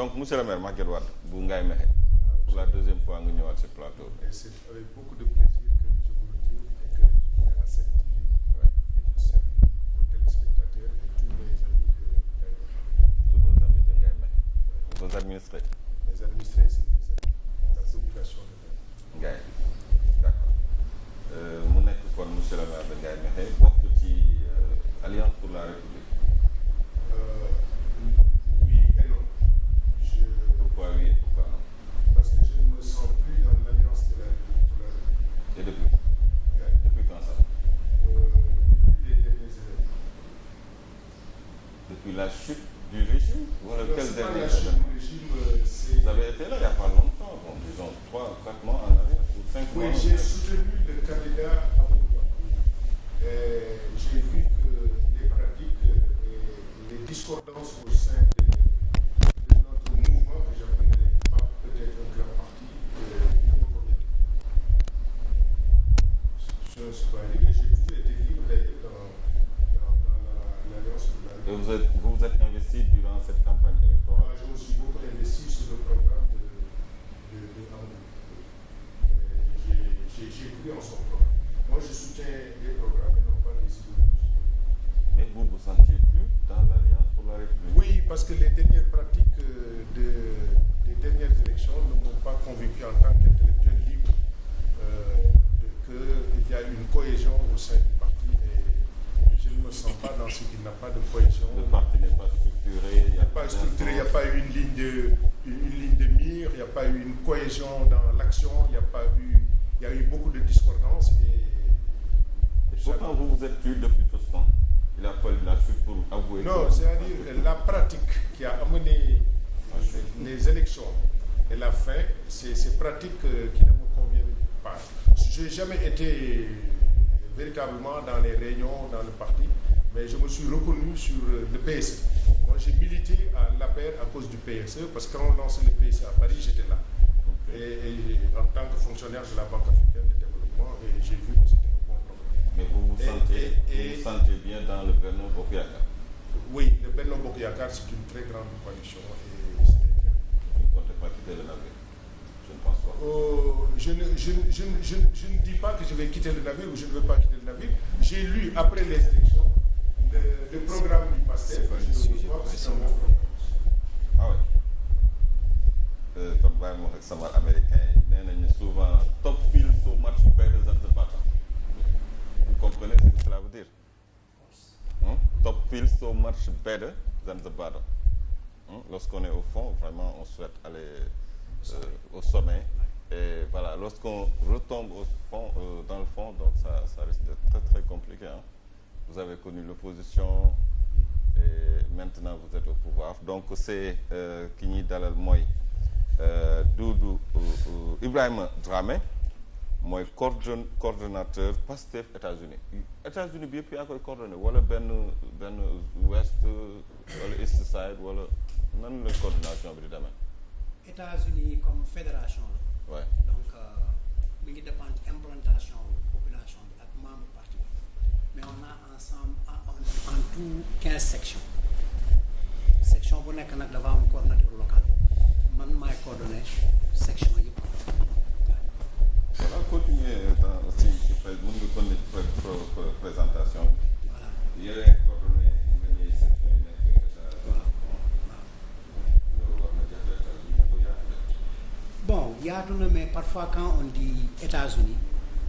donc monsieur le maire Maguette bu Ngaye Mékhé pour la deuxième fois nga ñëwaat ci plateau bi. et c'est avec beaucoup de plaisir que je vous retrouve et que je viens à cette TV pour servir aux téléspectateurs et tous euh, mu nekk kon ci euh, Alliance pour la République. Euh, la chute du régime ou le quel dernier régime Vous euh, avez été là il n'y a pas longtemps, bon, disons 3 ou 4 mois en arrière, ou 5 oui, mois. Oui, j'ai soutenu le candidat à euh, J'ai vu que les pratiques, et euh, les discordances au sein de, de notre mouvement, que j'appelais pas peut-être un grand parti, euh, je ne suis pas allé, j'ai toujours été libre d'ailleurs dans, dans, dans l'Alliance la, pour la. Et vous êtes vous êtes investi durant cette campagne électorale ah, Je me suis beaucoup investi sur de, de, de euh, J'ai cru en son programme. Moi, je soutiens les programmes et vous sentiez plus dans l'Alliance pour la République Oui, parce que les dernières pratiques euh, de, des dernières élections ne pas convaincu en tant qu'intellectuel libre euh, qu'il y a une cohésion ne sont pas dans ce qu'il n'a pas de cohésion. Le parti n'est pas structuré. Il n'y a pas eu une ligne de mire, il n'y a pas eu une cohésion dans l'action, il n'y a eu beaucoup de discordances et, et vous êtes tué depuis tout ce la suite pour avouer. pratique qui a amené ah, les élections et la fin, c'est ces euh, qui ne me conviennent pas. Je jamais été véritablement dans les réunions, dans le parti. mais je me suis reconnu sur euh, le PSE. Moi, j'ai milité à l'APR à cause du PSE, parce que quand on lançait le PSE à Paris, j'étais là. en tant que fonctionnaire de la Banque africaine de développement, et j'ai vu que c'était un bon problème. Mais vous vous, et, et, vous, vous sentez bien dans le Benno Bokyakar Oui, le Benno Bokyakar, c'est une très grande coalition. Et vous ne comptez pas quitter le navire Je ne pense pas. Euh, je, ne, je, je, je, ne dis pas que le programme du PASTEF. ah oui. kon euh, bàyyi ma wax ak sabar américain yi nee nañu souvent top file so much better than the bottom. vous comprenez ce que cela dire. top file so much better than the bottom. lorsqu'on au fond vraiment on souhaite aller au sommet euh, et voilà lorsqu'on retombe au fond euh, dans le fond donc ça ça risque d'être très très vous avez connu l'opposition maintenant vous êtes au pouvoir donc c'est euh, ki ñuy dalal mooy euh, Doudou euh, Ibrahima Dramé mooy coordon coordonnateur PASTEF États-Unis États-Unis bi yëpp yaa koy coordonné wala benn benn west wala east side wala nan la coordination bi di demee. États-Unis comme fédération la. Ouais. donc mi ngi dépendre implantation. mais on a ensemble en, en, en tout section bu nekk nag dafa am coordonnateur local man maay coordonné section yëpp voilà continuer dans si si pré mën nga continuer présentation voilà yéen coordonné manier euh, yaatu na mais parfois quand on dit états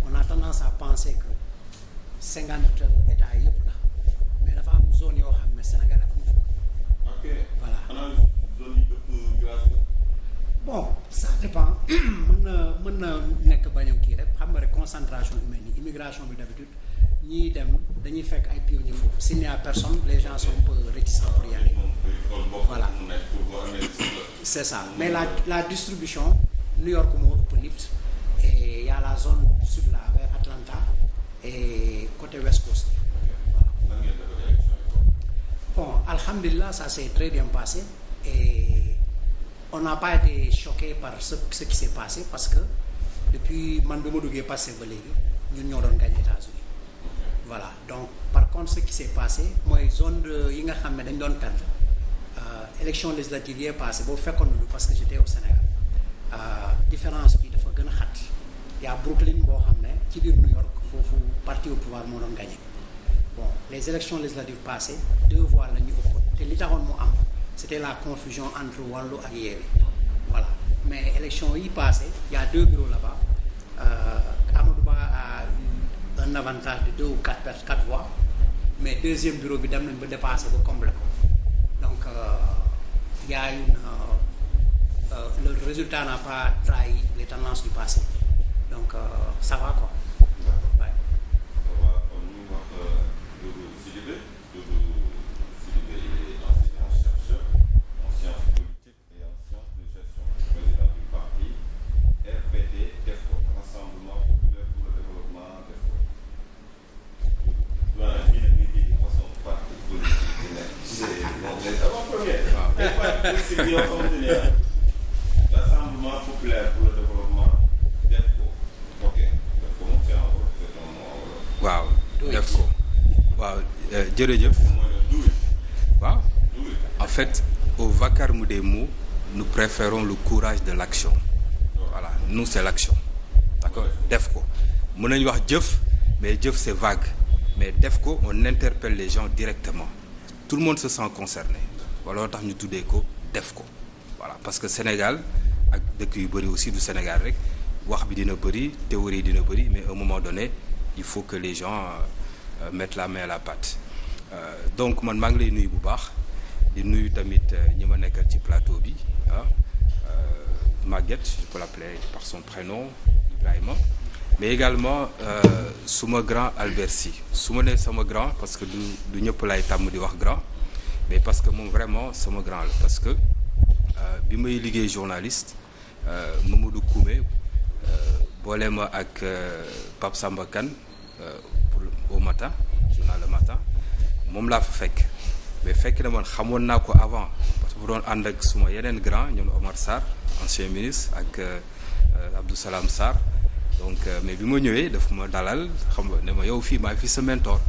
on a tendance à penser que cinquante états yëpp la mais dafa am zone yoo xam ne Sénégal dafa am ok mën na mën na nekk bañ kii rek xam nga concentration concentration humaine yi immigration bi d'habitude ñiy dem dañuy fekk ay pionniers foofu s'il n'y a personne les gens sont un peu réticents pour y aller mais la la distribution New York moo ëpp nit et la zone sud et eh, côté West Coast bon alhamdulilah ça s'est très bien passé et eh, on n'a pas été choqué par ce ce qui s'est passé parce que depuis man bi ma duggee passé ba léegi ñun ñoo doon gagné États-Unis voilà donc par contre ce qui s'est passé mooy zone yi nga xam ne dañ doon perdre euh, élection législative yee passé boobu fekkoon nañu parce que j'étais au Sénégal euh, différence bi dafa gën a xat y'a Brooklyn boo xam ne ci biir New York foofu parti au pouvoir moo doon gagné bon les élections législatives passées deux voix la ñu ëpp te li taxoon mu am c'était la confusion entre wallu ak yeewi voilà mais élection yi passé y a deux bureaux là-bas euh, Amadou Ba a eu un avantage de deux ou quatre per quatre voix mais deuxième bureau bi dem nañ ba dépassé ba complet donc euh, y a une euh, euh, le résultat n'a pas trahi les tendances du passé donc euh, ça va quoi politique yoo def ko waaw def euh, ko waaw en fait au vacarme des mots nous préférons le courage de l'action voilà nous c'est l'action d'accord def ko mën nañu wax jëf mais jëf c'est vague mais def ko on interpelle les gens directement tout le monde se sent concerné wala tax ñu tuddee ko def ko voilà parce que Sénégal ak dëkk yu bëri aussi du Sénégal rek wax bi dina bëri théorie dina bëri mais à un moment donné il faut que les gens euh, euh la main à la euh, donc man maa ngi lay nuyu bu baax di nuyu tamit euh, ñi ma nekkal ci plateau bi ah Maguette je peux l'appeler par son prénom Ibrahima mais également euh, suma grand Albert Sy su ma nee sama grand parce que du du ñëpp lay tàmm di wax grand mais parce que moom vraiment sama grand la parce que euh, bi may liggéey journaliste euh, Mamadou Koumé euh, boole ma ak Pape Samba Kane pour au matin journal le matin moom laa fa fekk mais fekk na man xamoon naa ko avant parce que bu doon ànd ak suma yeneen grand ñoom Omar Sarr ancien ministre ak Abdou Salam Sarr donc mais bi ma ñëwee daf ma dalal xam nga ne ma yow fii maa fii sa mentor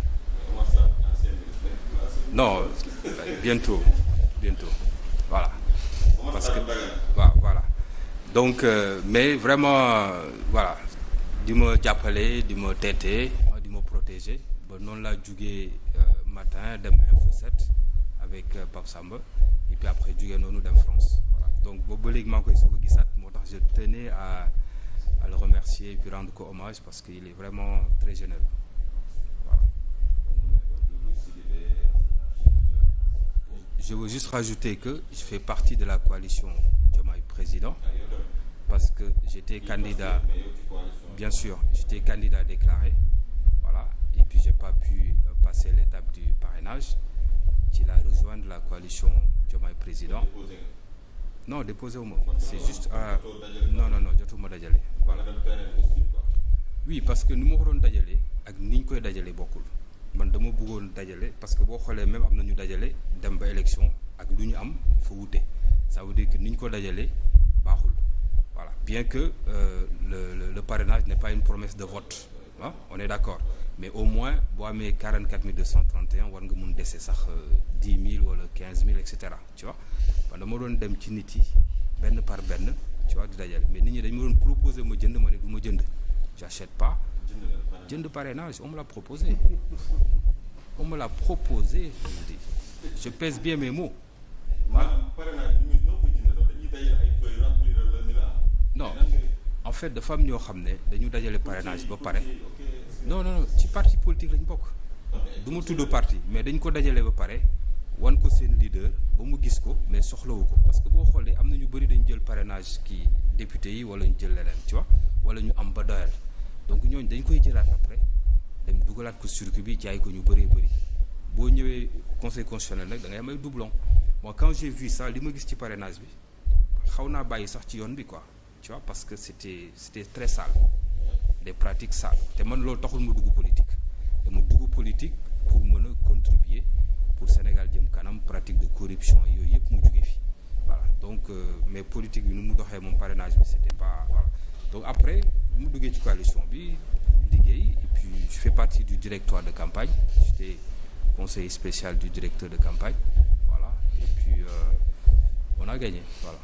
non bientôt bientôt voilà. parce que waaw voilà donc euh, mais vraiment euh, voilà di ma jàppale di ma teete di ma protéger ba noonu laa jugee euh, matin dem M7 avec Pape Samba et après jugee noonu dem France voilà donc boobu ba léegi maa ngi koy soog a gisaat moo tax je tenais à à le remercier et puis rendre ko hommage parce qu'il est vraiment très généreux. je veux juste rajouter que je fais partie de la coalition Diomaye Président parce que j'étais candidat bien sûr j'étais candidat déclaré voilà et puis j'ai pas pu euh, passer l'étape du parrainage ci la rejoindre la coalition Diomaye Président non déposé wu ma c'est juste à ah, non non non jotuma dajale voilà oui parce que ni ma ko doon dajalee ak ni koy dajalee bokkul man dama buggoon dajale parce que boo xoolee même am na ñu dajale dem ba élection ak du ñu am fa wute ça veut que ni ñu ko dajale baaxul voilà bien que euh, le, le le parrainage n'est pas une promesse de vote ah on est d'accord mais au moins boo amee 44 231 war nga mun dese sax 10 euh, 000 wala 15 000 cetera tu vois man dama doon dem ci nit yi benn par benn tu vois di dajale mais nit ñi dañ ma doon proposer ma jënd ma ne du ma jënd j'achète pas. jënd parrainage on l'a proposé on me l'a proposé je vous dis je pèse non en fait dafa am ñoo xam ne dañu dajale parrainage ba pare non non ci parti politique lañ bokk. du ma tudd parti mais dañ ko dajale ba pare wan ko seen leader ba mu gis ko mais soxlawu ko parce que boo xoolee am na ñu bëri dañu jël parrainage kii député yi wala ñu jël leneen ci wax wala ñu am ba doyal. donc ñooñu dañ koy jëlaat après dem dugalaat ko circuit bi jaay ko ñu bëree bëri boo ñëwee conseil constitutionnel nag da ngay am ay doublon moi quand j'ai vu ça li ma gis ci parrainage bi xaw naa bàyyi sax ci yoon bi quoi tu parce que c'était c'était très sale des pratiques sales te man loolu taxul ma dugg politique dama dugg politique pour mën a contribuer pour Sénégal jëm kanam pratique de corruption yooyu yëpp mu jóge fi voilà donc euh, mais politique bi nu mu doxee moom parrainage bi c'était pas voilà donc après bu mu duggee ci coalition bi liggéey et puis je partie du directoire de campagne j'étais conseiller spécial du directeur de campagne voilà et puis euh, gagné voilà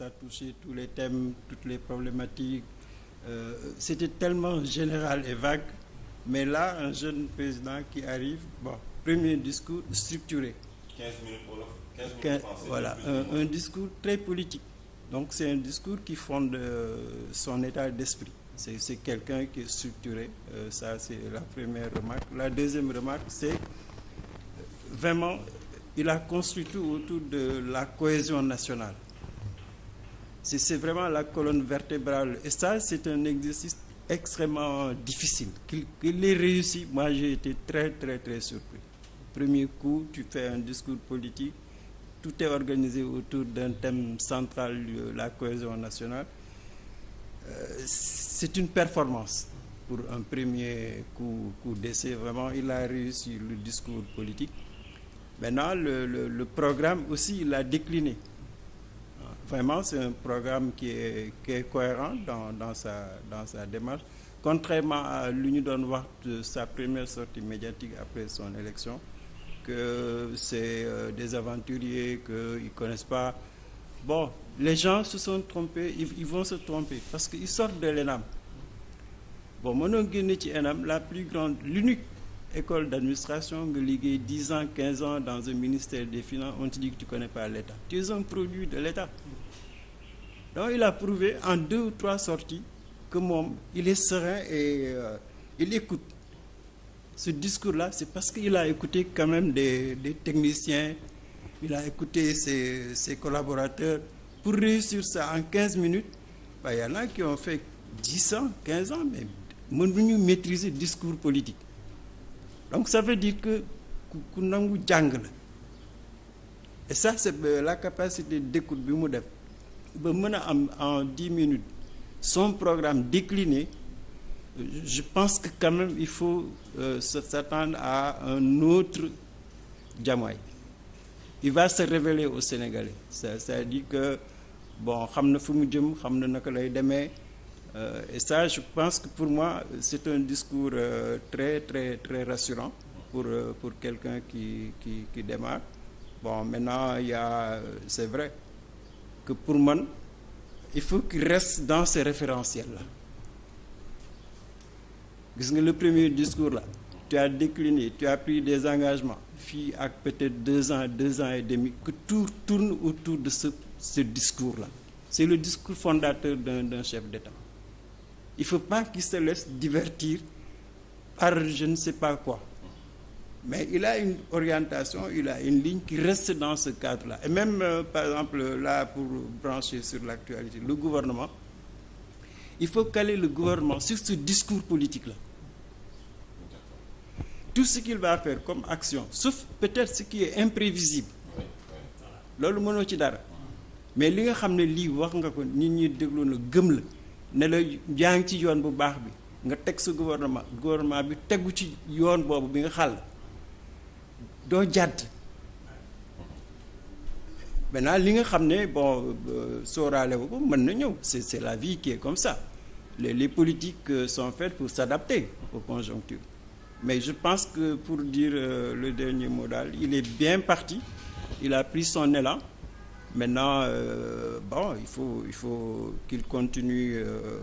ça touchait tous les thèmes, toutes les problématiques. Euh, C'était tellement général et vague. Mais là, un jeune président qui arrive, bon, premier discours structuré. 15 minutes pour Voilà, un, un, discours très politique. Donc c'est un discours qui fonde euh, son état d'esprit. C'est quelqu'un qui est structuré. Euh, ça, c'est la première remarque. La deuxième remarque, c'est euh, vraiment, il a construit tout autour de la cohésion nationale. c'est vraiment la colonne vertébrale. Et ça, c'est un exercice extrêmement difficile. Qu'il qu ait réussi, moi j'ai été très très très surpris. Premier coup, tu fais un discours politique, tout est organisé autour d'un thème central, la cohésion nationale. Euh, c'est une performance pour un premier coup, coup d'essai. Vraiment, il a réussi le discours politique. Maintenant, le, le, le programme aussi, il a décliné. Vraiment, c'est un programme qui est, qui est cohérent dans, dans, sa, dans sa démarche. Contrairement à l'Union Noire de sa première sortie médiatique après son élection, que c'est euh, des aventuriers, qu'ils ne connaissent pas. Bon, les gens se sont trompés, ils, vont se tromper parce qu'ils sortent de l'ENAM. Bon, mon la plus grande, l'unique école d'administration nga liggéey dix ans quinze ans dans un ministère des finances on te dit que tu connais pas l'État tu es un produit de l'État donc il a prouvé en deux ou trois sorties que moom il est serein et euh, il écoute ce discours-là c'est parce qu'il a écouté quand même des des techniciens il a écouté ses collaborateurs pour réussir ça en quinze minutes bah y en a qui ont fait dix ans quinze ans mais mënuñu maîtriser discours politique donc ça veut dire que ku nangu jàng la et ça c'est euh, la capacité d'écoute bi mu def ba mën a am en dix minutes son programme décliné je pense que quand il faut euh, s'attendre à un autre Diomaye il va se révéler aux Sénégalais c'est-à-dire que bon xam na fu mu jëm xam na naka lay demee Euh, et ça, je pense que pour moi, c'est un discours euh, très, très, très rassurant pour, euh, pour quelqu'un qui, qui, qui, démarre. Bon, maintenant, il y a, c'est vrai que pour man il faut qu'il reste dans ces référentiels-là. Le premier discours-là, tu as décliné, tu as pris des engagements, fille à peut-être deux ans, deux ans et demi, que tout tourne autour de ce, ce discours-là. C'est le discours fondateur d'un chef d'État. il faut pas qu'il se laisse divertir par je ne sais pas quoi mais il a une orientation il a une ligne qui reste dans ce cadre là et même euh, par exemple là pour brancher sur l'actualité le gouvernement il faut caler le gouvernement sur ce discours politique la tout ce qu'il va faire comme action sauf peut-être ce qui est imprévisible loolu mënoo ci dara mais li nga xam ne lii wax nga ko nit ñi dégloo na gëm la ne la yaa ngi ci yoon bu baax bi nga teg sa gouvernement gouvernement bi tegu ci yoon boobu bi nga xal doo jàdd maintenant li nga xam ne bon euh, sóoraale ko mën na ñëw c'est c'est la vie qui est comme ça les les son euh, sont faites pour s'adapter aux conjonctures mais je pense que pour dire euh, le dernier mot daal il est bien parti il a pris son élan Maintenant, euh, bon, il faut, il faut qu'il continue, euh,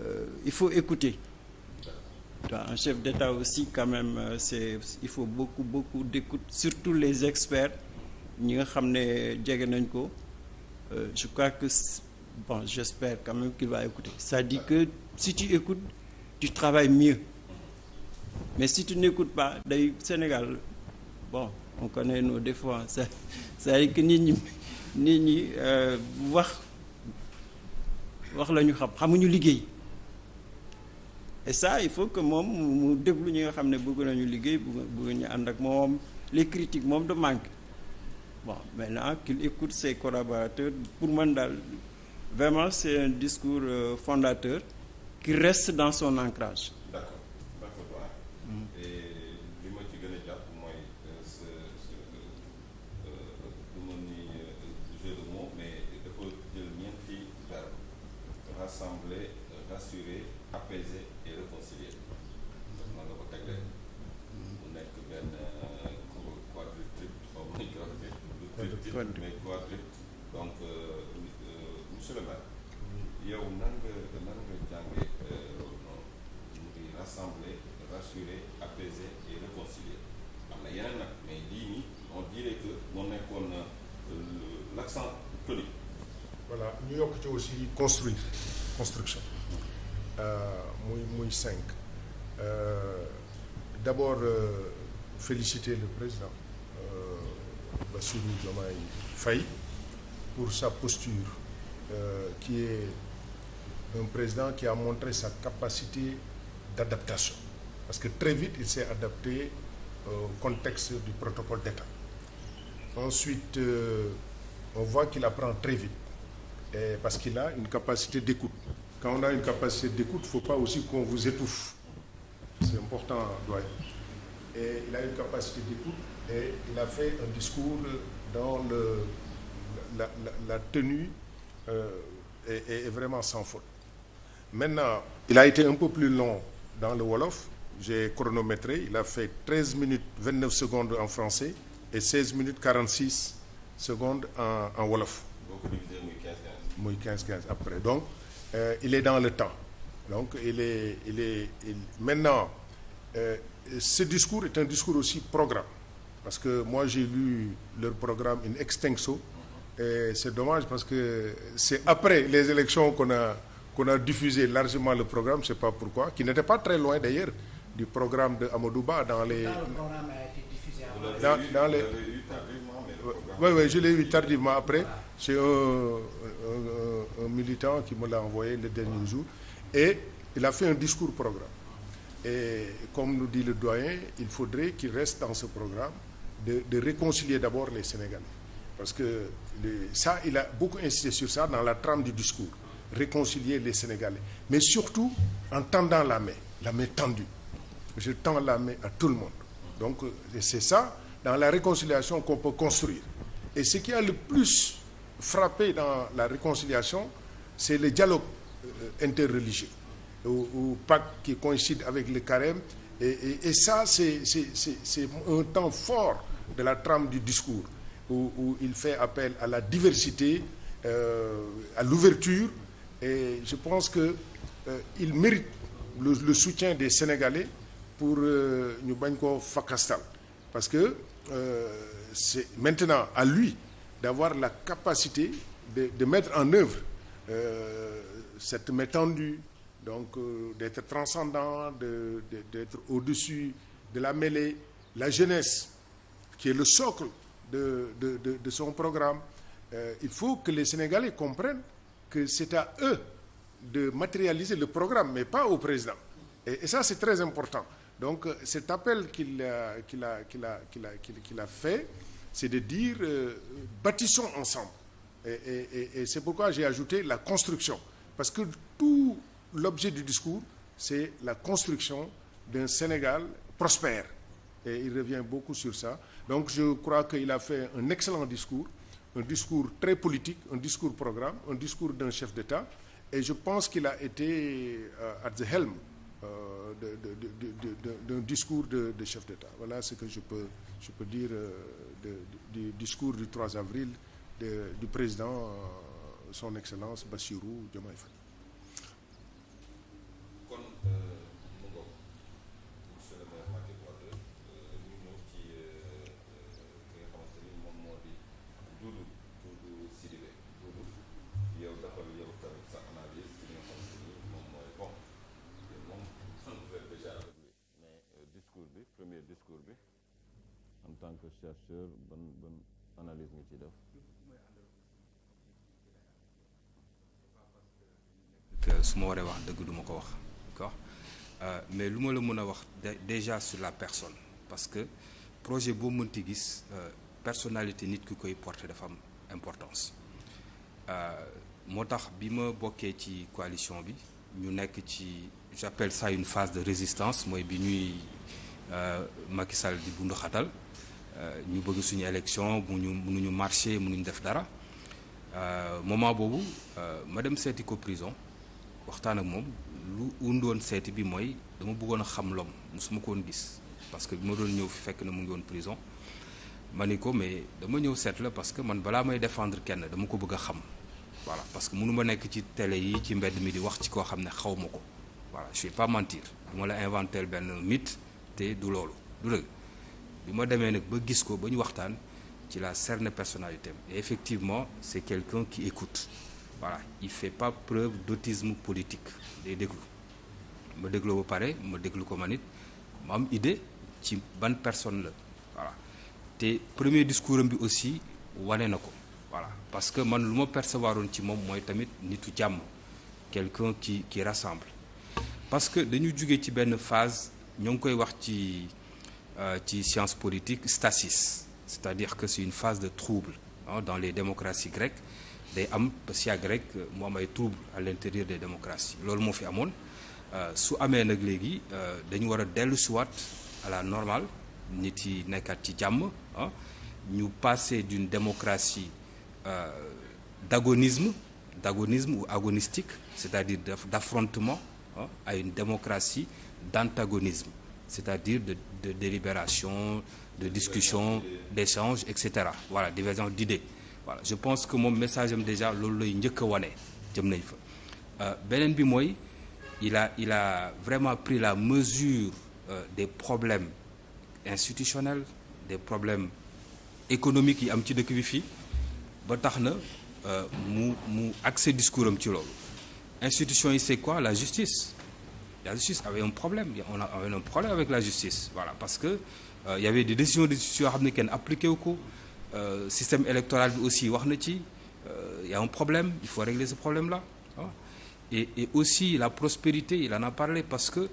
euh, il faut écouter. Un chef d'État aussi, quand même, euh, c'est, il faut beaucoup, beaucoup d'écoute, surtout les experts. Euh, je crois que, bon, j'espère quand même qu'il va écouter. Ça dit que si tu écoutes, tu travailles mieux. Mais si tu n'écoutes pas, d'ailleurs, Sénégal, bon, on connaît nos défauts. Ça, ça dit que nit ñi euh, wax wax la xam xamuñu liggéey et ça il faut que moom mu déglu ñi nga xam ne bëgg nañu liggéey bëgg ñu ànd ak moom les critiques moom de manque bon maintenant qu'il écoute ses collaborateurs pour man daal vraiment c'est un discours euh, fondateur qui reste dans son ancrage quadruples mais quadruples donc euh, euh, monsieur le maire yow nan nga nan nga jàngee loolu noonu euh, mu ngi rassembler rassurer apaiser et réconcilier am na yeneen nag mais lii nii on dirait que moo nekkoon l'accent tonique voilà ñu yokk ci aussi construire construction muy muy cinq d'abord euh, féliciter le président Bassirou Diomaye Faye pour sa posture euh, qui est un président qui a montré sa capacité d'adaptation parce que très vite il s'est adapté euh, au contexte du protocole d'État. Ensuite euh, on voit qu'il apprend très vite parce qu'il a une capacité d'écoute. Quand on a une capacité d'écoute, il ne faut pas aussi qu'on vous étouffe. C'est important, doyen. Et il a une capacité d'écoute et il a fait un discours dans la la, la tenue est, euh, est vraiment sans faute. Maintenant, il a été un peu plus long dans le wolof, j'ai chronométré, il a fait 13 minutes 29 secondes en français et 16 minutes 46 secondes en en wolof. Beaucoup divisé muy 15 15. Muy après. Donc euh, il est dans le temps. Donc il est il maintenant euh, ce discours est un discours aussi programme. Parce que moi, j'ai lu leur programme in extenso. Et c'est dommage parce que c'est après les élections qu'on a, qu'on a diffusé largement le programme, je ne sais pas pourquoi, qui n'était pas très loin d'ailleurs du programme de Amadouba dans les. Dans le programme a été diffusé avant. Dans, eu, dans les... eu tardivement, mais le programme... Oui, oui, je l'ai eu tardivement après. Voilà. C'est un, un, un, militant qui me l'a envoyé le dernier voilà. jour. Et il a fait un discours programme. Et comme nous dit le doyen, il faudrait qu'il reste dans ce programme de, de réconcilier d'abord les Sénégalais. Parce que les, ça, il a beaucoup insisté sur ça dans la trame du discours. Réconcilier les Sénégalais. Mais surtout, en tendant la main, la main tendue. Je tends la main à tout le monde. Donc, euh, c'est ça, dans la réconciliation, qu'on peut construire. Et ce qui a le plus frappé dans la réconciliation, c'est le dialogue euh, interreligieux. Ou, ou qui coïncide avec le carême Et, et, et ça, c'est un temps fort de la trame du discours, où, où il fait appel à la diversité, euh, à l'ouverture, et je pense qu'il euh, il mérite le, le, soutien des Sénégalais pour Nyubanko euh, Fakastal. Parce que euh, c'est maintenant à lui d'avoir la capacité de, de, mettre en œuvre euh, cette métendue, donc euh, d'être transcendant, de, de, d'être au-dessus de la mêlée, la jeunesse, qui est le socle de, de son programme. Euh, il faut que les Sénégalais comprennent que c'est à eux de matérialiser le programme, mais pas au président. Et, et ça, c'est très important. Donc euh, cet appel qu'il a, qu'il a, qu'il a, qu'il a, qu'il a fait, c'est de dire euh, bâtissons ensemble. Et, et, et c'est pourquoi j'ai ajouté la construction. Parce que tout l'objet du discours, c'est la construction d'un Sénégal prospère. Et il revient beaucoup sur ça. Donc je crois qu'il a fait un excellent discours, un discours très politique, un discours programme, un discours d'un chef d'État. Et je pense qu'il a été euh, at the helm euh, d'un discours de, de chef d'État. Voilà ce que je peux, je peux dire euh, de, du discours du 3 avril de, du président, euh, son Excellence Bassirou Diomaye tant que chercheur ban ban ci def. Euh, su ma waree wax dëgg duma ko wax d'accord euh, mais lu ma la mën a wax déjà sur la personne parce que projet boo mënti gis euh, personnalité nit ki koy porter dafa am importance moo tax bi ma bokkee ci coalition bi ñu nekk ci j'appelle ça une phase de résistance mooy bi ñuy Macky Sall di bundu Euh, ñu bëgg suñu élection mënuñu mënuñu marché mu ñu def dara euh, moment boobu euh, ma dem seeti ko prison waxtaan ak moom lu undoon seeti bi mooy dama bëggoon a xam lom musuma ko woon gis parce que bi ma doon ñëw fi fekk na mu ngi woon prison ma ni ko mais dama ñëw seet la parce que man balaa may défendre kenn dama ko bëgg a xam voilà parce que mënu ma nekk ci télé yi ci mbedd mi di wax ci koo xam ne xaw ma ko voilà je pas mentir du ma la inventer benn mythe te du loolu du dëgg bi ma demee nag ba gis ko ba ñu waxtaan ci la cerne personnalité et effectivement c'est quelqu'un qui écoute voilà il fait pas preuve d'autisme politique day déglu ma déglu ba pare ma déglu ko ma nit ma am idée ci ban personne la voilà te premier discours bi aussi wane na ko voilà parce que man lu ma percevoir woon ci moom mooy tamit nitu jàmm quelqu'un qui qui rassemble parce que dañu jóge ci benn phase ñoo ngi koy wax ci Euh, ci science politique stasis c'est-à-dire que c'est une phase de trouble dans les démocraties grecques day am sia grecque mu am ay trouble à l'intérieur des démocraties loolu moo fi amoon euh, su amee nag léegi euh, dañu war a dellu siwaat à la nit yi nekkaat ci jàmm ñu passer d'une démocratie euh, d'agonisme d'agonisme ou agonistique c'est-à-dire d'affrontement à une démocratie d'antagonisme c'est-à-dire de, de délibération, de discussion, d'échange, etc. Voilà, divergence d'idées. Voilà, je pense que moom message am déjà loolu lay njëkk a wane jëm nañ fa euh, beneen bi mooy il a il a vraiment pris la mesure euh, des problèmes institutionnels des problèmes économiques yi am ci dëkk bi fii ba tax na euh, mu mu accès discours am ci loolu institution yi c'est quoi la justice la justice avait un problème on avait un problème avec la justice parce que euh, il y avait des décisions de justice yoo xam ne kenn wu ko euh, système électoral bi aussi wax na ci euh, il y a un problème il faut régler ce problème là et et aussi la prospérité il en a parlé parce que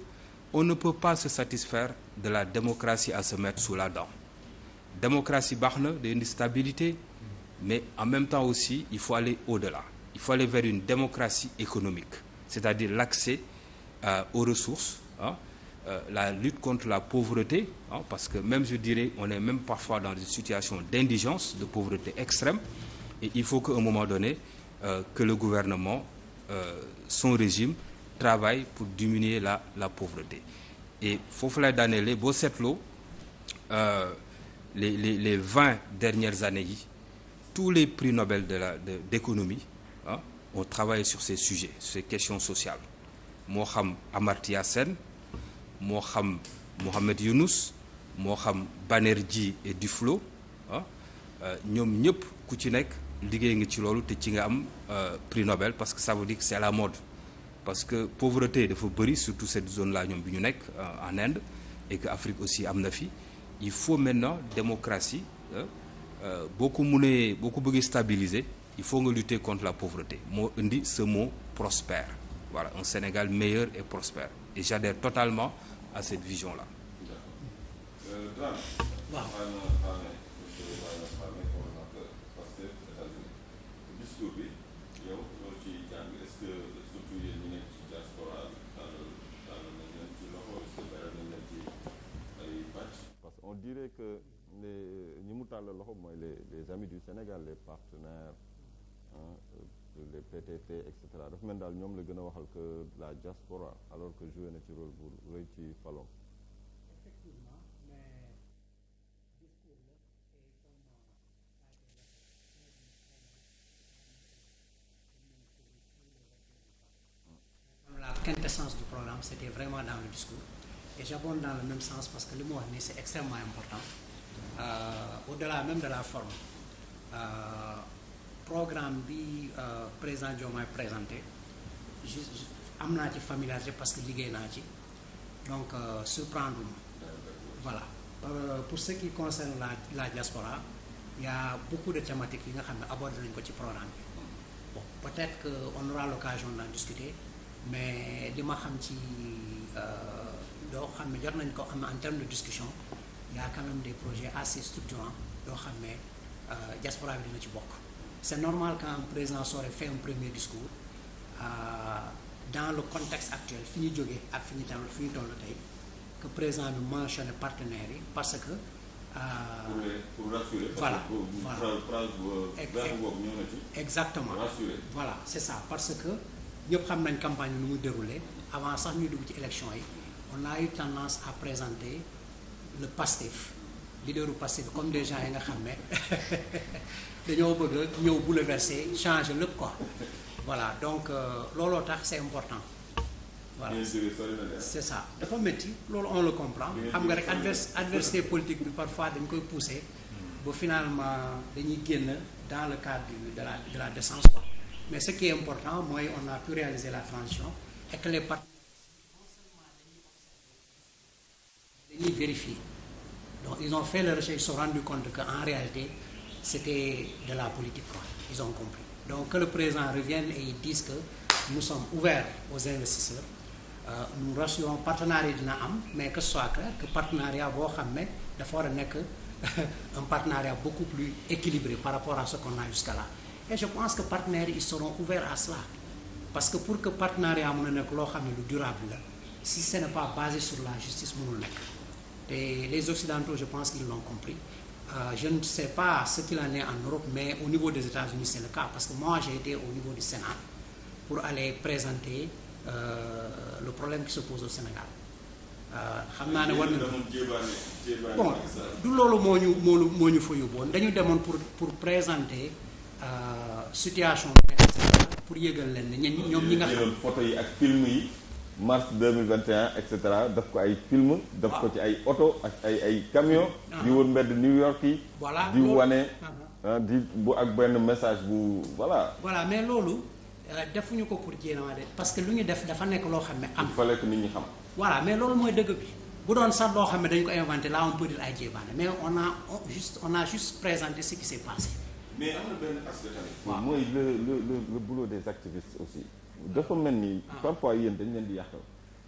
on ne peut pas se satisfaire de la démocratie à se mettre sous la dent démocratie baax na day indi stabilité mais en même temps aussi il faut aller au-delà il faut aller vers une démocratie économique c'est-à-dire l'accès Euh, aux ressources, hein, euh, la lutte contre la pauvreté, hein, parce que même je dirais, on est même parfois dans des situations d'indigence, de pauvreté extrême, et il faut qu'à un moment donné, euh, que le gouvernement, son régime, travaille pour diminuer la, la pauvreté. Et foofu lay daaneele boo seetloo les les les vingt dernières années yi tous les prix Nobel de la de d'économie ah ont travaillé sur ces sujets ces questions sociales moo xam Amartya Sen moo xam Mohamed Younous moo xam Banerjee et Duflo ah euh, ñoom ñëpp ku ci nekk liggéey nga ci loolu te ci nga am euh, prix Nobel parce que ça veut dire que c'est à la mode parce que pauvreté dafa bëri surtout cette zone la ñoom bi ñu nekk euh, en Inde et que Afrique aussi am na fi il faut maintenant démocratie boo ko mënee boo ko bëggee stabiliser il faut nga lutter contre la pauvreté moo indi ce mot prospère voilà un Sénégal meilleur et prospère et j'adhère totalement à cette vision-là. on dirait que les ñi mu tàllal loxo mooy les amis du Sénégal les partenaires les PTT et cetera dafa daal ñoom la gën a waxal que la diaspora alors que joué na ci rôle bu rëy ci Falon. mais discours la et du programme c'était vraiment dans le discours et j'abonde dans le même sens parce que li mu wax nii c'est extrêmement important euh, au-delà même de la forme. Euh, programme bi euh, président Diomaye présenté je am naa ci familiarité parce que liggéey naa ci donc euh, surprendre ma voilà euh, pour ce qui concerne la la diaspora y a beaucoup de thématiques yi nga xam ne abordé nañu ko ci programme bi bon peut-être que on aura l'occasion d'en mais li ma xam ci doo xam ne jot nañ ko am en termes de discussion y a quand même des projets assez structurants yoo xam ne diaspora bi dina ci bokk c'est normal quand un président sortait fait un premier discours euh, dans le contexte actuel fi ñu jógee ak fi ñu toll fi ñu toll tey que président bi mentionné partenaire yi parce que. Euh, pour rassurer. voilà euh, exactement voilà c'est ça parce que ñëpp xam nañ campagne bi mu dérouler avant sax ñu dugg ci élection yi on a eu tendance à présenter le Pastef leaderu Pastef bi comme des gens yi nga xam ne. dañoo bëgg rek ñëw bouleverser changer lépp ko voilà donc euh, looloo tax c'est important voilà c'est ça dafa métti loolu on le comprend xam nga rek adverse adversité politique bi parfois dañu koy pousser ba finalement dañuy génn dans le cadre de la de la mais ce qui est important mooy on a pu réaliser la transition et que dañuy vérifier donc ils ont fait la recherche ils se sont rendu compte que en réalité c'était de la politique, quoi. Ils ont compris. Donc que le président revienne et ils disent que nous sommes ouverts aux investisseurs. Euh, nous rassurons partenariat dina am mais que soit clair que partenariat boo xam ne dafa war a nekk un partenariat beaucoup plus équilibré par rapport à ce qu'on a jusqu'à là et je pense que partenaires ils seront ouverts à sa parce que pour que partenariat mën a nekk loo xam ne lu durable la si ce n'est pas basé sur la justice mënul nekk te les occidentaux je pense qu'ils l'ont Euh, je ne sais pas ce qu'il en en Europe, mais au niveau des États-Unis, c'est le cas. Parce que moi, j'ai au niveau du Sénat pour ale présenter euh, le problème qui se pose au Sénégal. Euh, xam naa ne war na bon du loolu moo ñu moo ñu fa yóbboon dañu demoon pour pour présenter euh, situation bi pour yëgal leen ne ñoom ñi nga xam photo yi ak film yi. mars 2021 et cetera daf ko ay film daf ko ci ay oto ak ay ay camion di wër mbedd New York yi voilà di wane uh-huh. ah, di bu ak benn message bu voilà voilà mais loolu euh, defu ñu ko pour jéema de parce que lu ñu def dafa nekk loo xam ne am il fallait que nit ñi loolu mooy dëgg bi bu doon sax loo xam ne dañu ko inventer là on peut ay jéebaane mais on a on juste on a juste présenté ce qui s'est passé mais am na benn aspect tamit mooy le le le boulot des activistes aussi dafa mel nii ah. parfois yéen dañ leen di yàqal.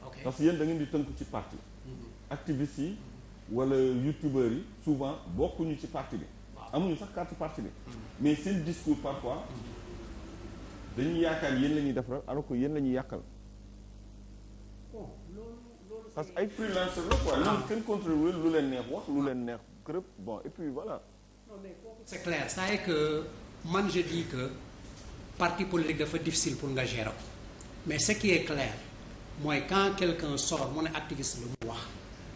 Ah. parce que yéen da ngeen di tënku ci parti. Mm-hmm. activistes yi mm-hmm. wala youtubeurs yi souvent bokkuñu ci parti bi. amuñu sax carte parti bi. Mm-hmm. mais seen discours parfois dañuy yaakaar yéen lañuy ñuy defaral alors que yéen lañuy ñuy parce que ay freelancer la quoi. ñoom kenn contrôle lu leen neex wax lu leen neex kërëb bon et puis voilà. non mais c'est clair parti politique dafa difficile pour nga gérer ko mais ce qui est clair mooy quand quelqu'un sort mu ne activiste la mu wax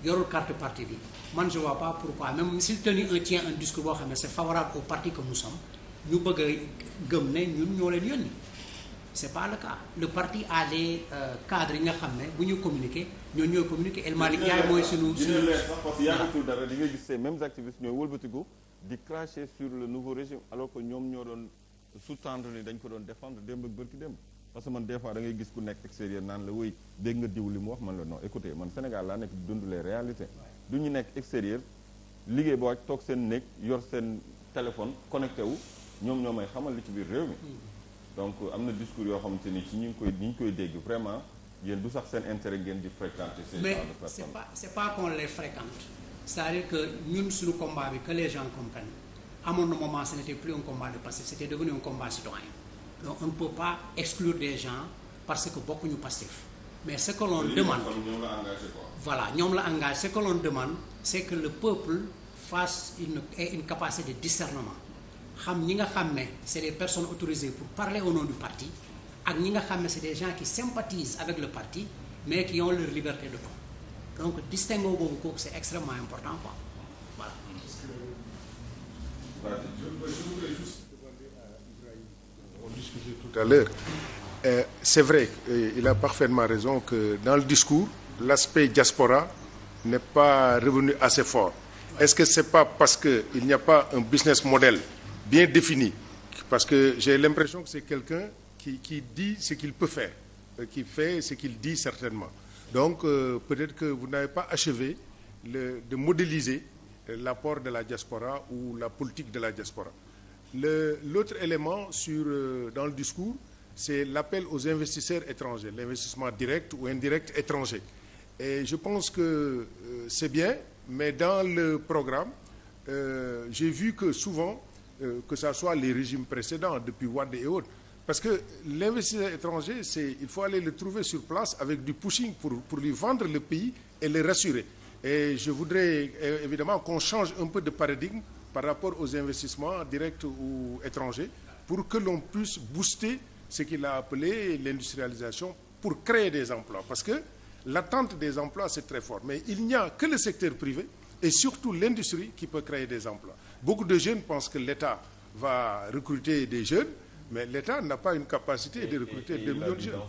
yorul carte parti bi man je vois pas pourquoi même s'il tenu un tient un discours boo xam ne c'est favorable au parti que nous ñu bëgg gëm ne ñun ñoo leen yónni c'est pas le cas le parti a des euh, cadres yi nga xam ne bu ñu communiquer ñoo ñooy communiquer El Malick Ndiaye mooy suñu suñu parce que yàggatul dara nga gis ces mêmes activistes ñooy wëlbatiku di cracher sur le nouveau régime alors ñoo doon su tendre ni dañ ko doon défendre démb ak bërki démb parce que man des fois da gis ku nekk extérieur naan la wéy dégg nga diw li mu wax man la non écoutez man Sénégal laa nekk di dund les du ñu nekk extérieur liggéey ba wàcc toog seen néeg yor seen téléphone connecté wu ñoom ñoo may xamal li ci biir réew mi donc am na discours yoo xamante ni ci ñu ngi koy ñu ngi koy dégg vraiment yéen du sax seen intérêt ngeen di fréquenter ces genre de personnes mais c'est pas c'est pas qu'on les fréquente amoon na moment ce n'était plus un combat de Pastef c'était devenu un combat citoyen donc on peut pas exclure des gens parce que bokkuñu Pastef mais ce que l'on demande voilà ñoom la engage ce que l'on demande c'est que le peuple fasse une ait une capacité de discernement xam ñi nga xam ne c'est des personnes autorisées pour parler au nom du parti ak ñi nga xam ne c'est des gens qui sympathisent avec le parti mais qui ont leur liberté de ton donc distinguo boobu kooku On euh, discutait c'est vrai, euh, il a parfaitement raison que dans le discours, l'aspect diaspora n'est pas revenu assez fort. Est-ce que c'est pas parce qu'il n'y a pas un business model bien défini Parce que j'ai l'impression que c'est quelqu'un qui, qui, dit ce qu'il peut faire, euh, qui fait ce qu'il dit certainement. Donc peut-être que vous n'avez pas achevé le, de modéliser l'apport de la diaspora ou la politique de la diaspora. L'autre élément sur, euh, dans le discours, c'est l'appel aux investisseurs étrangers, l'investissement direct ou indirect étranger. Et je pense que euh, c'est bien, mais dans le programme, euh, j'ai vu que souvent, euh, que ce soit les régimes précédents, depuis Wade et autres, parce que l'investisseur étranger, il faut aller le trouver sur place avec du pushing pour, pour lui vendre le pays et le rassurer. Et je voudrais euh, évidemment qu'on change un peu de paradigme par rapport aux investissements directs ou étrangers pour que l'on puisse booster ce qu'il a appelé l'industrialisation pour créer des emplois. Parce que l'attente des emplois, c'est très fort. Mais il n'y a que le secteur privé et surtout l'industrie qui peut créer des emplois. Beaucoup de jeunes pensent que l'État va recruter des jeunes, mais l'État n'a pas une capacité et, de recruter 2 millions de jeunes.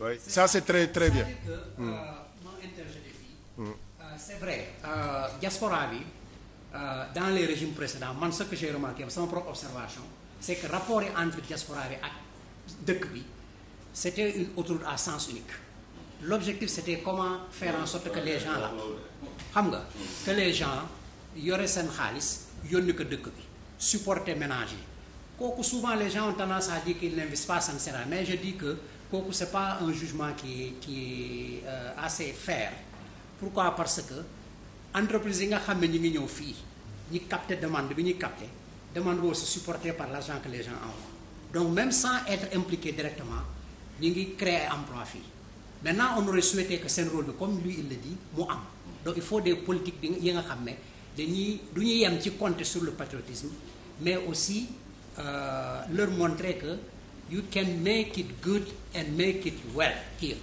oui ça c'est très très bien. Mm. Euh, mm. euh, c'est vrai euh, diaspora bi dans les régimes précédents man ce que j'ai remarqué sama propre observation c'est que rapport yi entre diaspora bi ak dëkk bi c'était une autoroute à sens unique l'objectif c'était comment faire en sorte que les gens là xam nga que les gens yore seen xaalis yónni ko dëkk bi supporter ménage yi kooku souvent les gens ont tendance à dire qu'ils n'investissent pas sincèrement mais je dis que kooku c'est pas un jugement qui est qui est euh, assez fair pourquoi parce que entreprise yi nga xam ne ñu ngi ñëw fii ñi capté demande bi ñuy capté demande boobu c'est supporté par l'argent que les gens envoient donc même sans être impliqué directement ñu ngi créer ay emploi fii maintenant on aurait souhaité que seen rôle bi comme lui il le dit mu am donc il faut des politiques bi yi nga xam ne dañuy du ñuy yem ci compter sur le patriotisme mais aussi euh, leur montrer que you can make it good and make it well here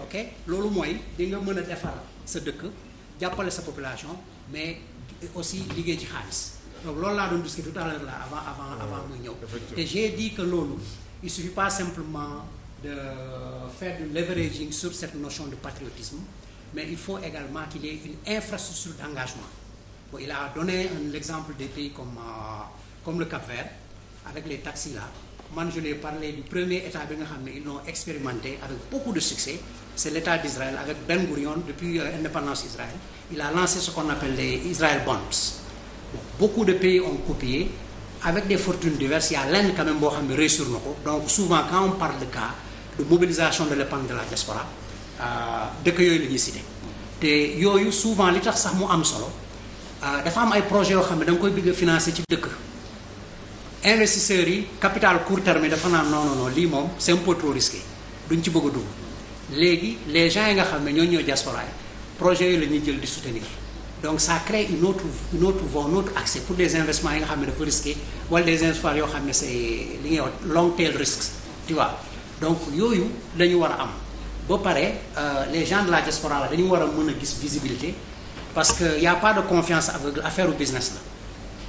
ok loolu mooy di nga mën a defar sa dëkk jàppale sa population mais aussi liggéey ci xaalis loolu laa doon discuter tout à l'heure là avant avant avant muy ñëw te j'ai dit que loolu il suffit pas simplement de faire du leveraging sur cette notion de patriotisme mais il faut également qu'il y ait une infrastructure d'engagement il a donné un exemple des pays comme euh, comme le Cap-Vert avec les taxis là man je l'ai du premier état bi nga xam ne ils l'ont expérimenté avec beaucoup de succès c'est l'état d'Israël avec Ben Gurion depuis l'indépendance euh, d'Israël il a lancé ce qu'on appelle les Israel bonds bon beaucoup de pays ont copié avec des fortunes diverses il y a boo xam ne réussir na ko donc souvent quand on parle de cas de mobilisation de l'épargne de la diaspora euh, dëkk yooyu la ñuy cité te yooyu souvent li tax sax mu am solo euh, dafa am ay projets yoo xam ne da koy bëgg a financer dëkk investisseurs yi capital court terme yi dafa naan non non lii moom c'est un peu trop ci bëgg a léegi les gens yi nga xam ne ñooñu ñoo diaspora yi projet yooyu la ñuy jël di soutenir donc ça crée une autre une autre voie un accès pour des investissements yi nga xam ne dafa risqué wala des investissements yoo xam ne c'est li ngay wax long tail risks tu vois donc yooyu dañu war a am ba pare euh, les gens de la diaspora la dañu war a mën a gis visibilité parce que y a pas de confiance affaire business la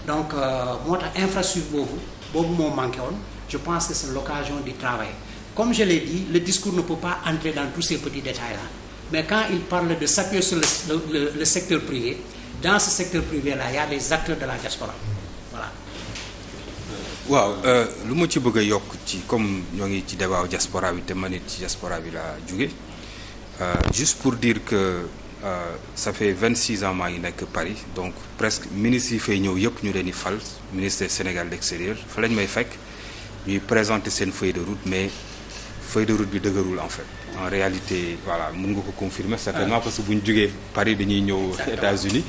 donc euh, moo tax infrastructure boobu boobu moo manqué woon je pense que c'est l'occasion d'y travailler comme je l'ai dit le discours ne peut pas entrer dans tous ces petits détails là mais quand il parle de s'appuyer sur le, le, le secteur privé dans ce secteur privé la il a des acteurs de la diaspora voilà waaw euh, lu ma ci bëgg a yokk ci comme ñoo ngi ci débat diaspora bi te ma it ci diaspora bi laa jóge euh, juste pour dire que Euh, ça fait vingt six ans maa ngi nekk Paris donc presque ministres yi fay ñëw yëpp ñu leen di fal ministre Sénégal d'extérieur fa lañ may fekk ñuy présenter seen feuille de route mais feuille de route bi dëgërul en fait en réalité voilà mun nga ko confirmer certainement ah. parce que bu ñu jógee Paris dañuy ñëw États-Unis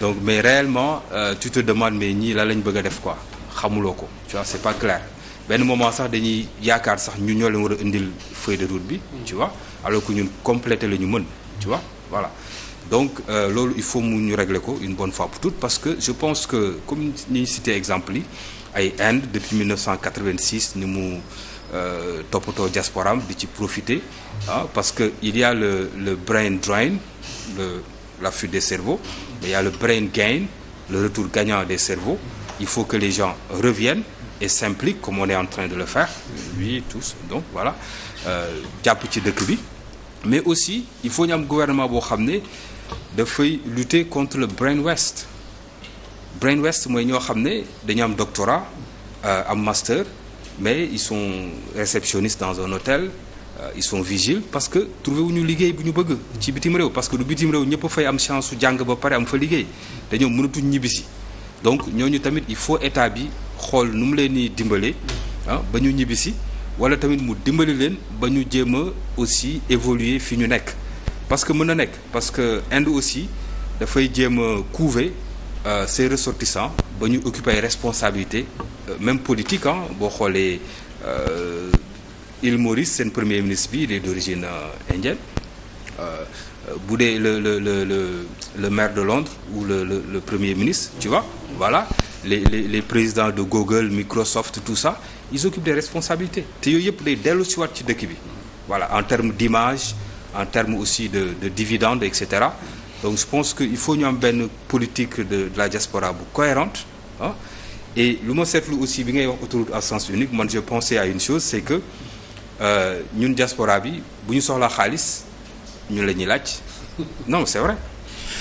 donc mais réellement euh, tu te demandes mais ñii la lañ bëgg a def quoi xamuloo ko tu vois c'est pas clair benn moment sax dañuy yaakaar sax ñu ñoo leen war a indil feuille bi mm. tu vois alors que ñun complété la ñu mën tu vois voilà donc euh, loolu il faut mu ñu régler ko une bonne fois pour toutes que je pense que comme ni ñu cité exemple yi ay Inde depuis 1986 ni mu euh, toppatoo diasporam di ci profiter ah parce que il y le le la fuite des cerveaux mais il y a le brain gain le retour des cerveaux il faut que les gens reviennent et s'impliquent comme de le faire lui tous donc voilà euh, jàpp ci dëkk bi mais aussi il faut ñu am gouvernement boo xam ne dafay lutter contre le brain west brain west mooy ñoo xam ne dañu am doctorat euh, am master mais ils sont réceptionnistes dans un hôtel euh, ils sont vigiles parce que trouvé wuñu liggéey bu ñu bëgg ci bitim réew parce que du bitim réew ñëpp fay am chance su jàng ba pare am fa liggéey dañoo mënatuñ ñibbisi donc ñooñu tamit il faut état bi xool nu mu leen di dimbalee ah ba ñu ñibbisi wala tamit mu dimbali leen ba ñu jéem a aussi évoluer fi ñu nekk parce que mën na nekk parce que Inde aussi dafay jéem a couver euh, ses ressortissants ba ñu occuper ay responsabilité euh, même politique ah boo xoolee euh, Île Maurice seen premier ministre bi il est d'origine indienne bu dee le le le le le maire de Londres ou le le premier ministre tu vois voilà les les les présidents de Google Microsoft tout ça ils occupent des responsabilités te yooyu yëpp day dellu si waat ci dëkk bi voilà en termes d'image en termes aussi de de dividendes et cetera donc je pense que il faut ñu am benn politique de de la diaspora bu cohérente ah et lu ma seetlu aussi bi ngay wax autoroute à sens unique man je pensais à une chose c'est que euh, ñun diaspora bi bu ñu soxlaa xaalis ñu la ñuy laaj non c'est vrai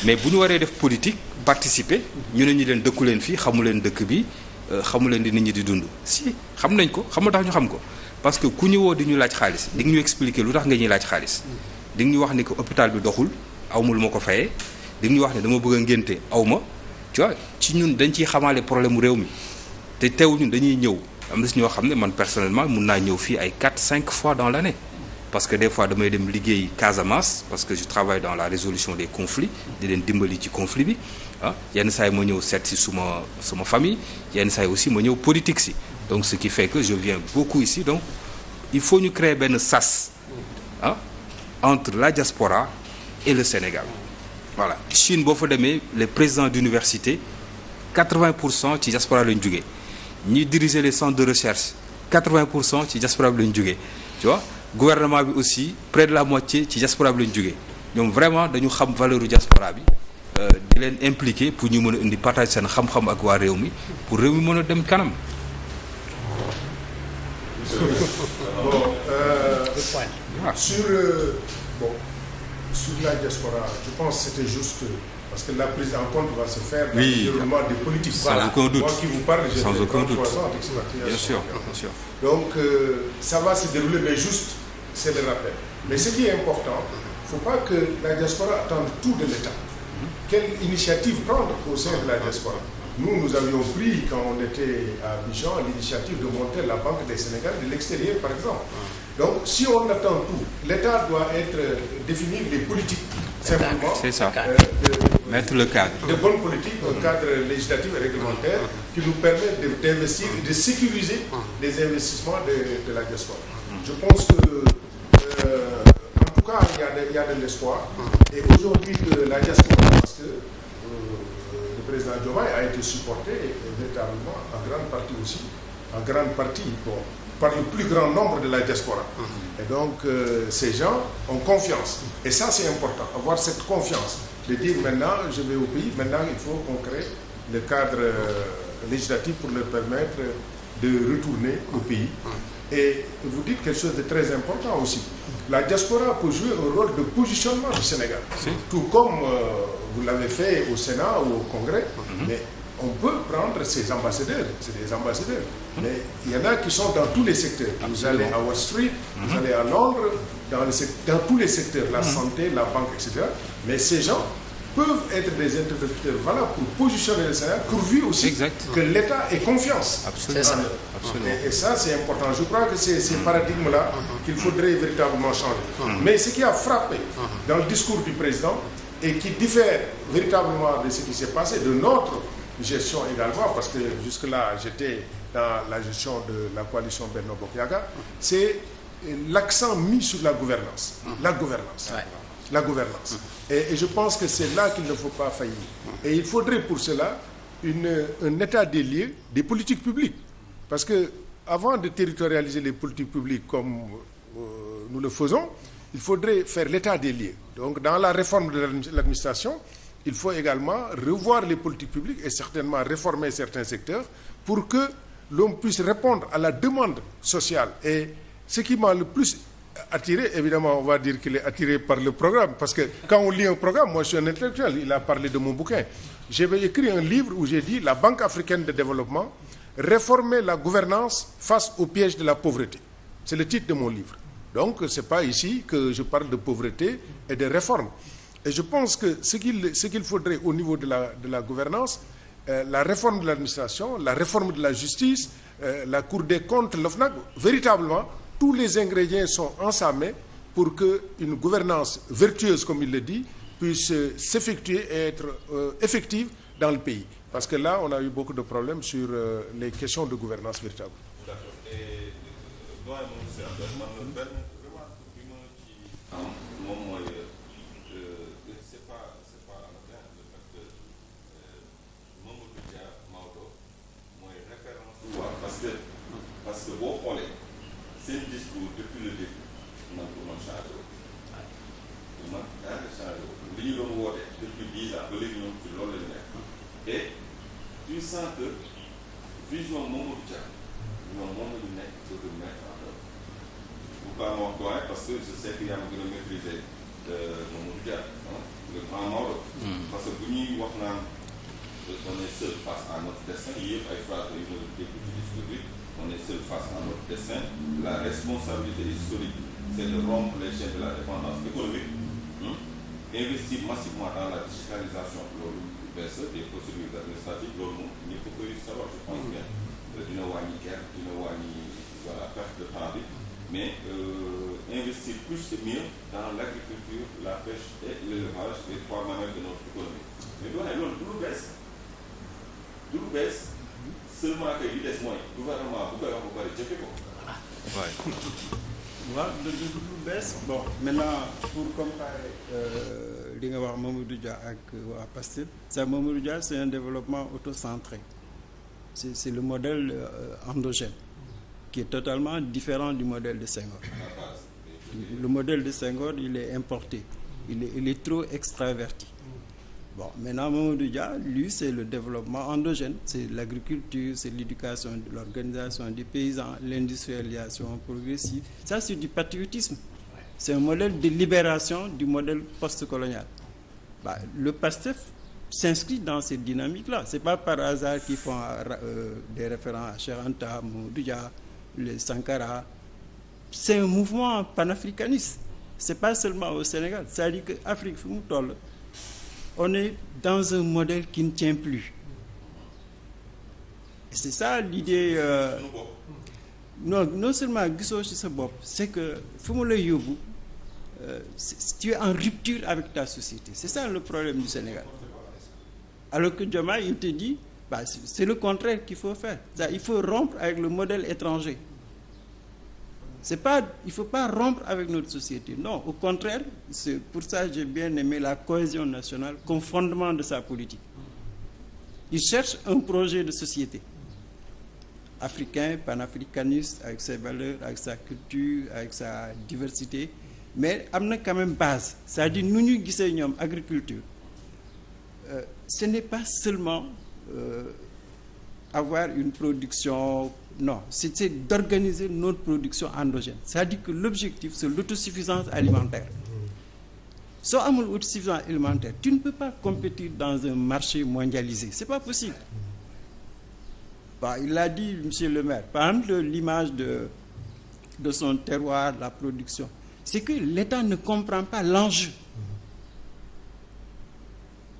mais bu ñu waree def politique participer ñu ne ñu leen dëkku leen fii xamu leen dëkk bi euh, xamu leen di nit ñi di dund si xam nañ ko xam nga tax ñu xam ko parce que ku ñu woo di ñu laaj xaalis di nga ñu expliquer lu tax nga ñuy laaj xaalis di nga ñu wax ni que hôpital bi doxul aw ma lu ma ko fayee li nga wax ne dama bëgg a ngénte aw ma tu ci ñun dañ ciy xamaale problème mu réew mi te teew ñun dañuy ñëw am na si ñoo xam ne man personnellement mun naa ñëw fii ay 4 5 fois dans l' année parce que des fois damay dem liggéey Casamance parce que je travaille dans la résolution des conflits di leen dimbali ci conflit bi ah. yenn saa yi ma ñëw seet si suma suma famille yenn saa yi aussi ma ñëw politique si donc ce qui fait que je viens beaucoup ici donc faut ñu créer benn sas ah. entre la diaspora et le Sénégal voilà Chine boo fa demee les présidents d'université 80 pour cent ci diaspora lañ jógee ñi diriger les centres de recherche 80 pour cent ci diaspora bi lañ jógee tu gouvernement bi aussi près de la moitié ci diaspora bi lañ jóge ñoom vraiment dañu xam valeur u diaspora bi euh, di leen impliqué pour ñu mën a indi partage seen xam-xam ak waa réew mi pour réew mi mën a dem kanam. Ah. Sur, euh, bon, sur la diaspora, je pense que c'était juste parce que la prise en compte va se faire dans oui, le déroulement des politiques. Sans aucun doute. Moi qui vous Bien sûr, Donc, euh, ça va se dérouler, mais juste, c'est le rappel. Mais ce qui est important, il ne faut pas que la diaspora attende tout de l'État. Mhm. Quelle initiative prendre au sein de la diaspora Nous, nous avions pris, quand on était à l'initiative de monter la Banque des Sénégal de l'extérieur, par exemple. Ah. Donc, si on attend tout, l'État doit être euh, définir les politiques, simplement. C'est ça. Euh, de, Mettre le cadre. De bonnes politiques, un cadre législatif et réglementaire ah. qui nous permet d'investir de sécuriser ah. les investissements de, la diaspora. Je pense que, euh, en tout cas, il y a de, l'espoir. Et aujourd'hui, la diaspora, parce que euh, le président Diomaye a été supporté véritablement en grande partie aussi, en grande partie par le plus grand nombre de la diaspora. Mhm. Et donc euh, ces gens ont confiance. Et c'est important, avoir cette confiance, de dire maintenant je vais au pays, maintenant il faut qu'on crée le cadre euh, législatif pour leur permettre de retourner au pays. Mhm. Et vous dites quelque chose de très important aussi. La diaspora peut jouer un rôle de positionnement du Sénégal. Si. Tout comme euh, vous l'avez fait au Sénat ou au Congrès. Mm -hmm. Mais on peut prendre ces ambassadeurs, c'est des ambassadeurs. Mm -hmm. Mais il y en a qui sont dans tous les secteurs. Absolument. Vous allez à Wall Street, mm -hmm. vous mhm. allez à Londres, dans, les, dans tous les secteurs, la mhm. santé, la banque, etc. Mais ces gens peuvent être des interlocuteurs valables pour positionner le Sénat, pourvu aussi exact. que l'État ait confiance. Absolument. Ça. Absolument. Et, et, ça, c'est important. Je crois que c'est ces paradigmes-là qu'il faudrait véritablement changer. Mhm. Mais ce qui a frappé mhm. dans le discours du président et qui diffère véritablement de ce qui s'est passé, de notre gestion également, parce que jusque la gestion de la coalition Bernard Bokiaga, c'est l'accent mis sur la gouvernance. Mhm. la gouvernance et, et je pense que c'est là qu'il ne faut pas faillir et il faudrait pour cela une un état des lieux des politiques publiques parce que avant de territorialiser les politiques publiques comme euh, nous le faisons il faudrait faire l'état des lieux donc dans la réforme de l'administration il faut également revoir les politiques publiques et certainement réformer certains secteurs pour que l'on puisse répondre à la demande sociale et ce qui m'a le plus attiré, évidemment, on va dire qu'il est attiré par le programme. Parce que quand on lit un programme, moi je suis un intellectuel, il a parlé de mon bouquin. J'ai écrit un livre où j'ai dit la Banque africaine de développement, réformer la gouvernance face au piège de la pauvreté. C'est le titre de mon livre. Donc ce n'est pas ici que je parle de pauvreté et de réforme. Et je pense que ce qu'il qu faudrait au niveau de la, de la gouvernance, euh, la réforme de l'administration, la réforme de la justice, euh, la Cour des comptes, l'OFNAC, véritablement, tous les ingrédients sont en sa main pour que une gouvernance vertueuse comme il le dit puisse s'effectuer et être euh, effective dans le pays parce que là on a eu beaucoup de problèmes sur euh, les questions de gouvernance véritable. D'accord. Et parce que parce que seen discours depuis le début man pour man changé wu. pour man daanaka changé wu li ñu doon woote depuis dix ans ba léegi ñoom ci loolu nekk et tu sens que vision Mamadou Dia ñoom moom la ñu ma wax ko waaye parce que je sais que yaa ma gën a euh, mm. naan on est seul face à notre destin yëpp ay phrases yu on est seul face à notre destin. La responsabilité historique, c'est de rompre les chaînes de la dépendance économique, hein? investir dans la digitalisation loolu bees des procédures administratives loolu moom ñëpp ko savoir je pense bien euh, dina wàññi guerre dina wàññi voilà perte de temps bi mais euh, investir plus et mieux dans l'agriculture la pêche et l'élevage les trois mamelles de notre économie mais doonee loolu du lu bees du lu bees seulement que li des mooy gouvernement bu koy wax bu bëri jëfe euh, li nga wax Mamadou Dia ak waa Pastef ça Mamadou Dia c'est un développement autocentré c'est c'est le modèle euh, endogène qui est totalement différent du modèle de Senghor le modèle de Senghor il est importé il est trop extraverti Bon, maintenant, Mamadou Dia, lui, c'est le développement endogène. C'est l'agriculture, c'est l'éducation, l'organisation des paysans, l'industrialisation progressive. Ça, c'est du patriotisme. C'est un modèle de libération du modèle postcolonial. Bah, le PASTEF s'inscrit dans cette dynamique-là. Ce n'est pas par hasard qu'ils font euh, des références à Cheranta, Mamadou Dia, le Sankara. C'est un mouvement panafricaniste. Ce n'est pas seulement au Sénégal. C'est-à-dire qu'Afrique, on est dans un modèle qui ne tient plus c'est ça l'idée euh, non non seulement gisoo ci sa bopp c'est que fu mu lay yóbbu euh, tu es en rupture avec ta société c'est ça le problème du Sénégal alors que Diomaye il te dit c'est le contraire qu'il faut faire ça il faut rompre avec le modèle étranger C'est pas, il ne faut pas rompre avec notre société. Non, au contraire, c'est pour ça que j'ai bien aimé la cohésion nationale comme fondement de sa politique. Il cherche un projet de société africain, panafricaniste, avec ses valeurs, avec sa culture, avec sa diversité. Mais am na quand même base c'est-à-dire nu ñu gisee ñoom agriculture euh, ce n'est pas seulement euh, avoir une production Non, c'était d'organiser notre production endogène. C'est-à-dire que l'objectif, c'est l'autosuffisance alimentaire. Soo amul autosuffisance alimentaire, tu ne peux pas compétir dans un marché mondialisé. C'est pas possible. Bah, il l'a dit, monsieur le maire. Par exemple, l'image de de son terroir, la production. C'est que l'État ne comprend pas l'enjeu.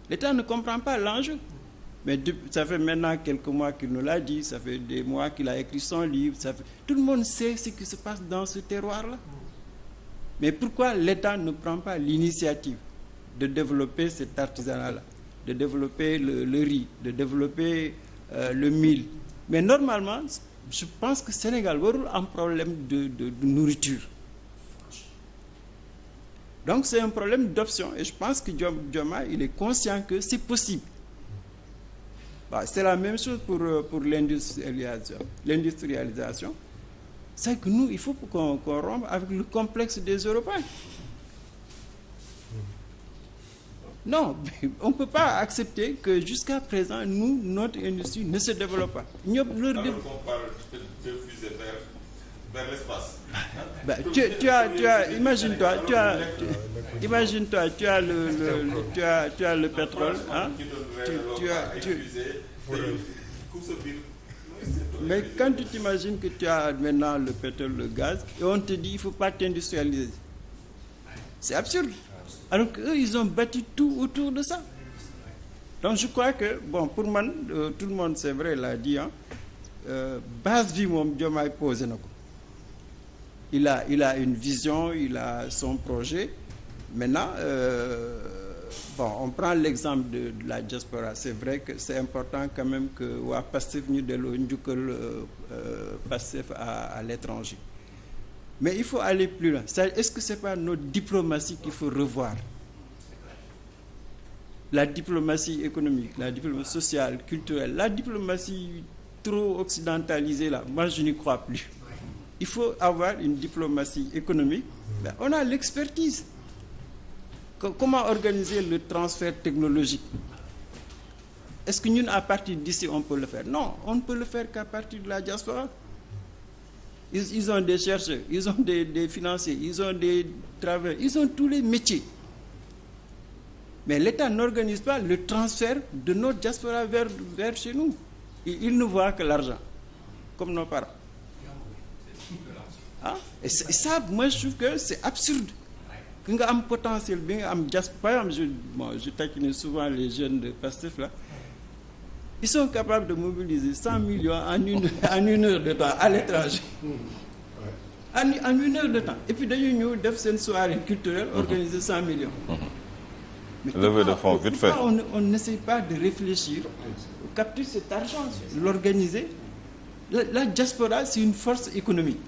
L'État ne comprend pas l'enjeu. Mais ça fait maintenant quelques mois qu'il nous l'a dit, ça fait des mois qu'il a écrit son livre. Ça Tout le monde sait ce qui se passe dans ce terroir-là. Mais pourquoi l'État ne prend pas l'initiative de développer cet artisanat-là, de développer le, le, riz, de développer euh, le mil Mais normalement, je pense que Sénégal a un problème de, de, de nourriture. Donc c'est un problème d'option. Et je pense que Dioma, il est conscient que c'est possible. waaw c'est la même chose pour euh, pour l'industrialisation l'industrialisation c'est que nous il faut qu'on qu'on avec le complexe des Européens non on ne peut pas accepter que jusqu'à présent nous notre industrie ne se développe pas ñoom leur vers l'espace. Bah, tu, tu as, tu as, imagine-toi, tu as, tu, imagine le, le, le, tu as, tu as le pétrole, Tu, tu Mais quand tu t'imagines que tu as maintenant le pétrole, le gaz, et on te dit il faut pas t'industrialiser, c'est absurde. Alors qu'eux, ils ont bâti tout autour de ça. Donc je crois que bon pour man euh, tout le monde c'est vrai l'a dit hein euh, base bi moom posé na ko. il a une vision il a son projet maintenant euh, bon on prend l'exemple de, de la diaspora c'est vrai que c'est important quand même que waa Pastef ñu delloo njukkal euh, euh, Pastef à à l'étranger mais il faut aller plus loin c'est est-ce que c'est pas notre diplomatie qu'il faut revoir la diplomatie économique la diplomatie sociale culturelle la diplomatie trop occidentalisée là moi je n'y crois plus il faut avoir une diplomatie économique. Ben, on a l'expertise. Comment organiser le transfert technologique Est-ce que nous, à partir d'ici, on peut le faire Non, on ne peut le faire qu'à partir de la diaspora. Ils, ils, ont des chercheurs, ils ont des, des financiers, ils ont des travailleurs, ils ont tous les métiers. Mais l'État n'organise pas le transfert de notre diaspora vers, vers chez nous. Il, il voit que l'argent, comme nos parents. ah et ça moi je trouve que c'est absurde que nga am potentiel bi nga am jas par exemple je bon je souvent les jeunes de Pastef la ils sont capables de mobiliser cent millions en une en une heure de temps à l'étranger en une heure de temps et puis dañuy ñëw def seen soirée culturelle mm-hmm. organiser cent millions mm-hmm. mais levée de fonds vite fait on on n'essaye pas de réfléchir capture cet argent l'organiser la, la diaspora c'est une force économique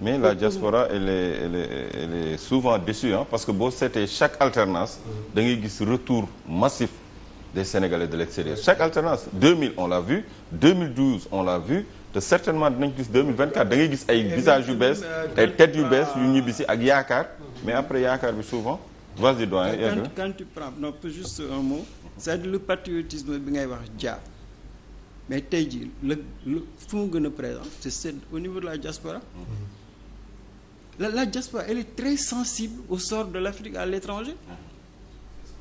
mais la diaspora elle est elle est elle est souvent déçue parce que boo seetee chaque alternance da ngay gis retour massif des Sénégalais de l'extérieur chaque alternance 2000 on l'a vu 2012 on l'a vu te certainement dinañ gis 2024 da ngay gis ay visages yu bees ay têtes yu bees yu ñibbisi ak yaakaar mais après yaakaar bi souvent vas-y doyen quand, quand tu prends non juste un mot cest à bi ngay wax jaar mais tey ji la mu gën a présent c'est au niveau de la diaspora mm la la diaspora elle est très sensible au sort de l'Afrique à l'étranger ah.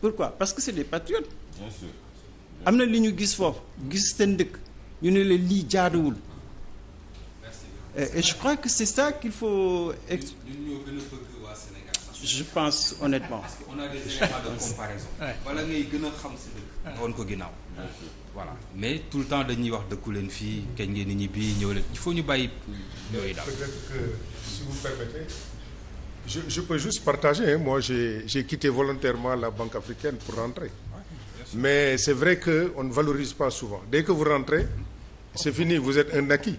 pourquoi parce que c'est des patriotes bien am na li ñu gis foofu gis seen dëkk ñu ne leen lii jaaduwul et je crois que c'est ça qu'il faut ex je pense honnêtement. parce qu'on a des ngay gën a xam si ko ginnaaw. mais tout le temps dañuy wax dëkku leen fii kañ ngeen ni ñibbi ñëw leen il faut ñu bàyyi yooyu daal. si vous me permettez. Je, je peux juste partager. Moi, j'ai quitté volontairement la Banque africaine pour rentrer. Mais c'est vrai qu'on ne valorise pas souvent. Dès que vous rentrez, c'est fini, vous êtes un acquis.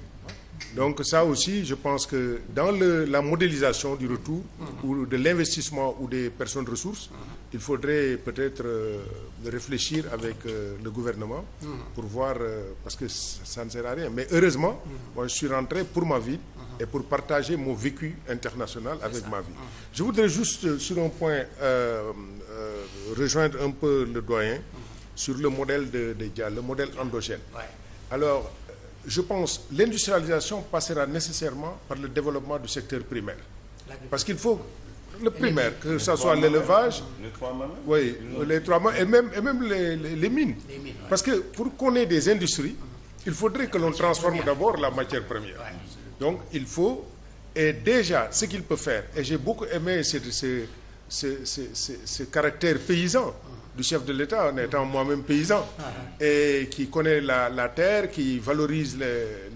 Donc ça aussi, je pense que dans le, la modélisation du retour mm-hmm. ou de l'investissement ou des personnes ressources, mm-hmm. il faudrait peut-être euh, réfléchir avec euh, le gouvernement mm-hmm. pour voir, euh, parce que ça ne sert à rien. Mais heureusement, moi je suis rentré pour ma ville, et pour partager mon vécu international avec ma vie. Ah. Je voudrais juste, euh, sur un point, euh, euh, rejoindre un peu le doyen ah. sur le modèle de, de Dial, le modèle endogène. Alors, euh, je pense l'industrialisation passera nécessairement par le développement du secteur primaire. Parce qu'il faut le primaire, que ce soit l'élevage, les trois mains, oui, les trois mains, et même, et même les, les, les mines. Parce que pour qu'on ait des industries, ah. il faudrait que l'on transforme d'abord la matière première. Donc il faut, et déjà ce qu'il peut faire, et j'ai beaucoup aimé ce, ce, ce, ce, caractère paysan du chef de l'État, en étant moi-même paysan, ah. et qui connaît la, la terre, qui valorise les,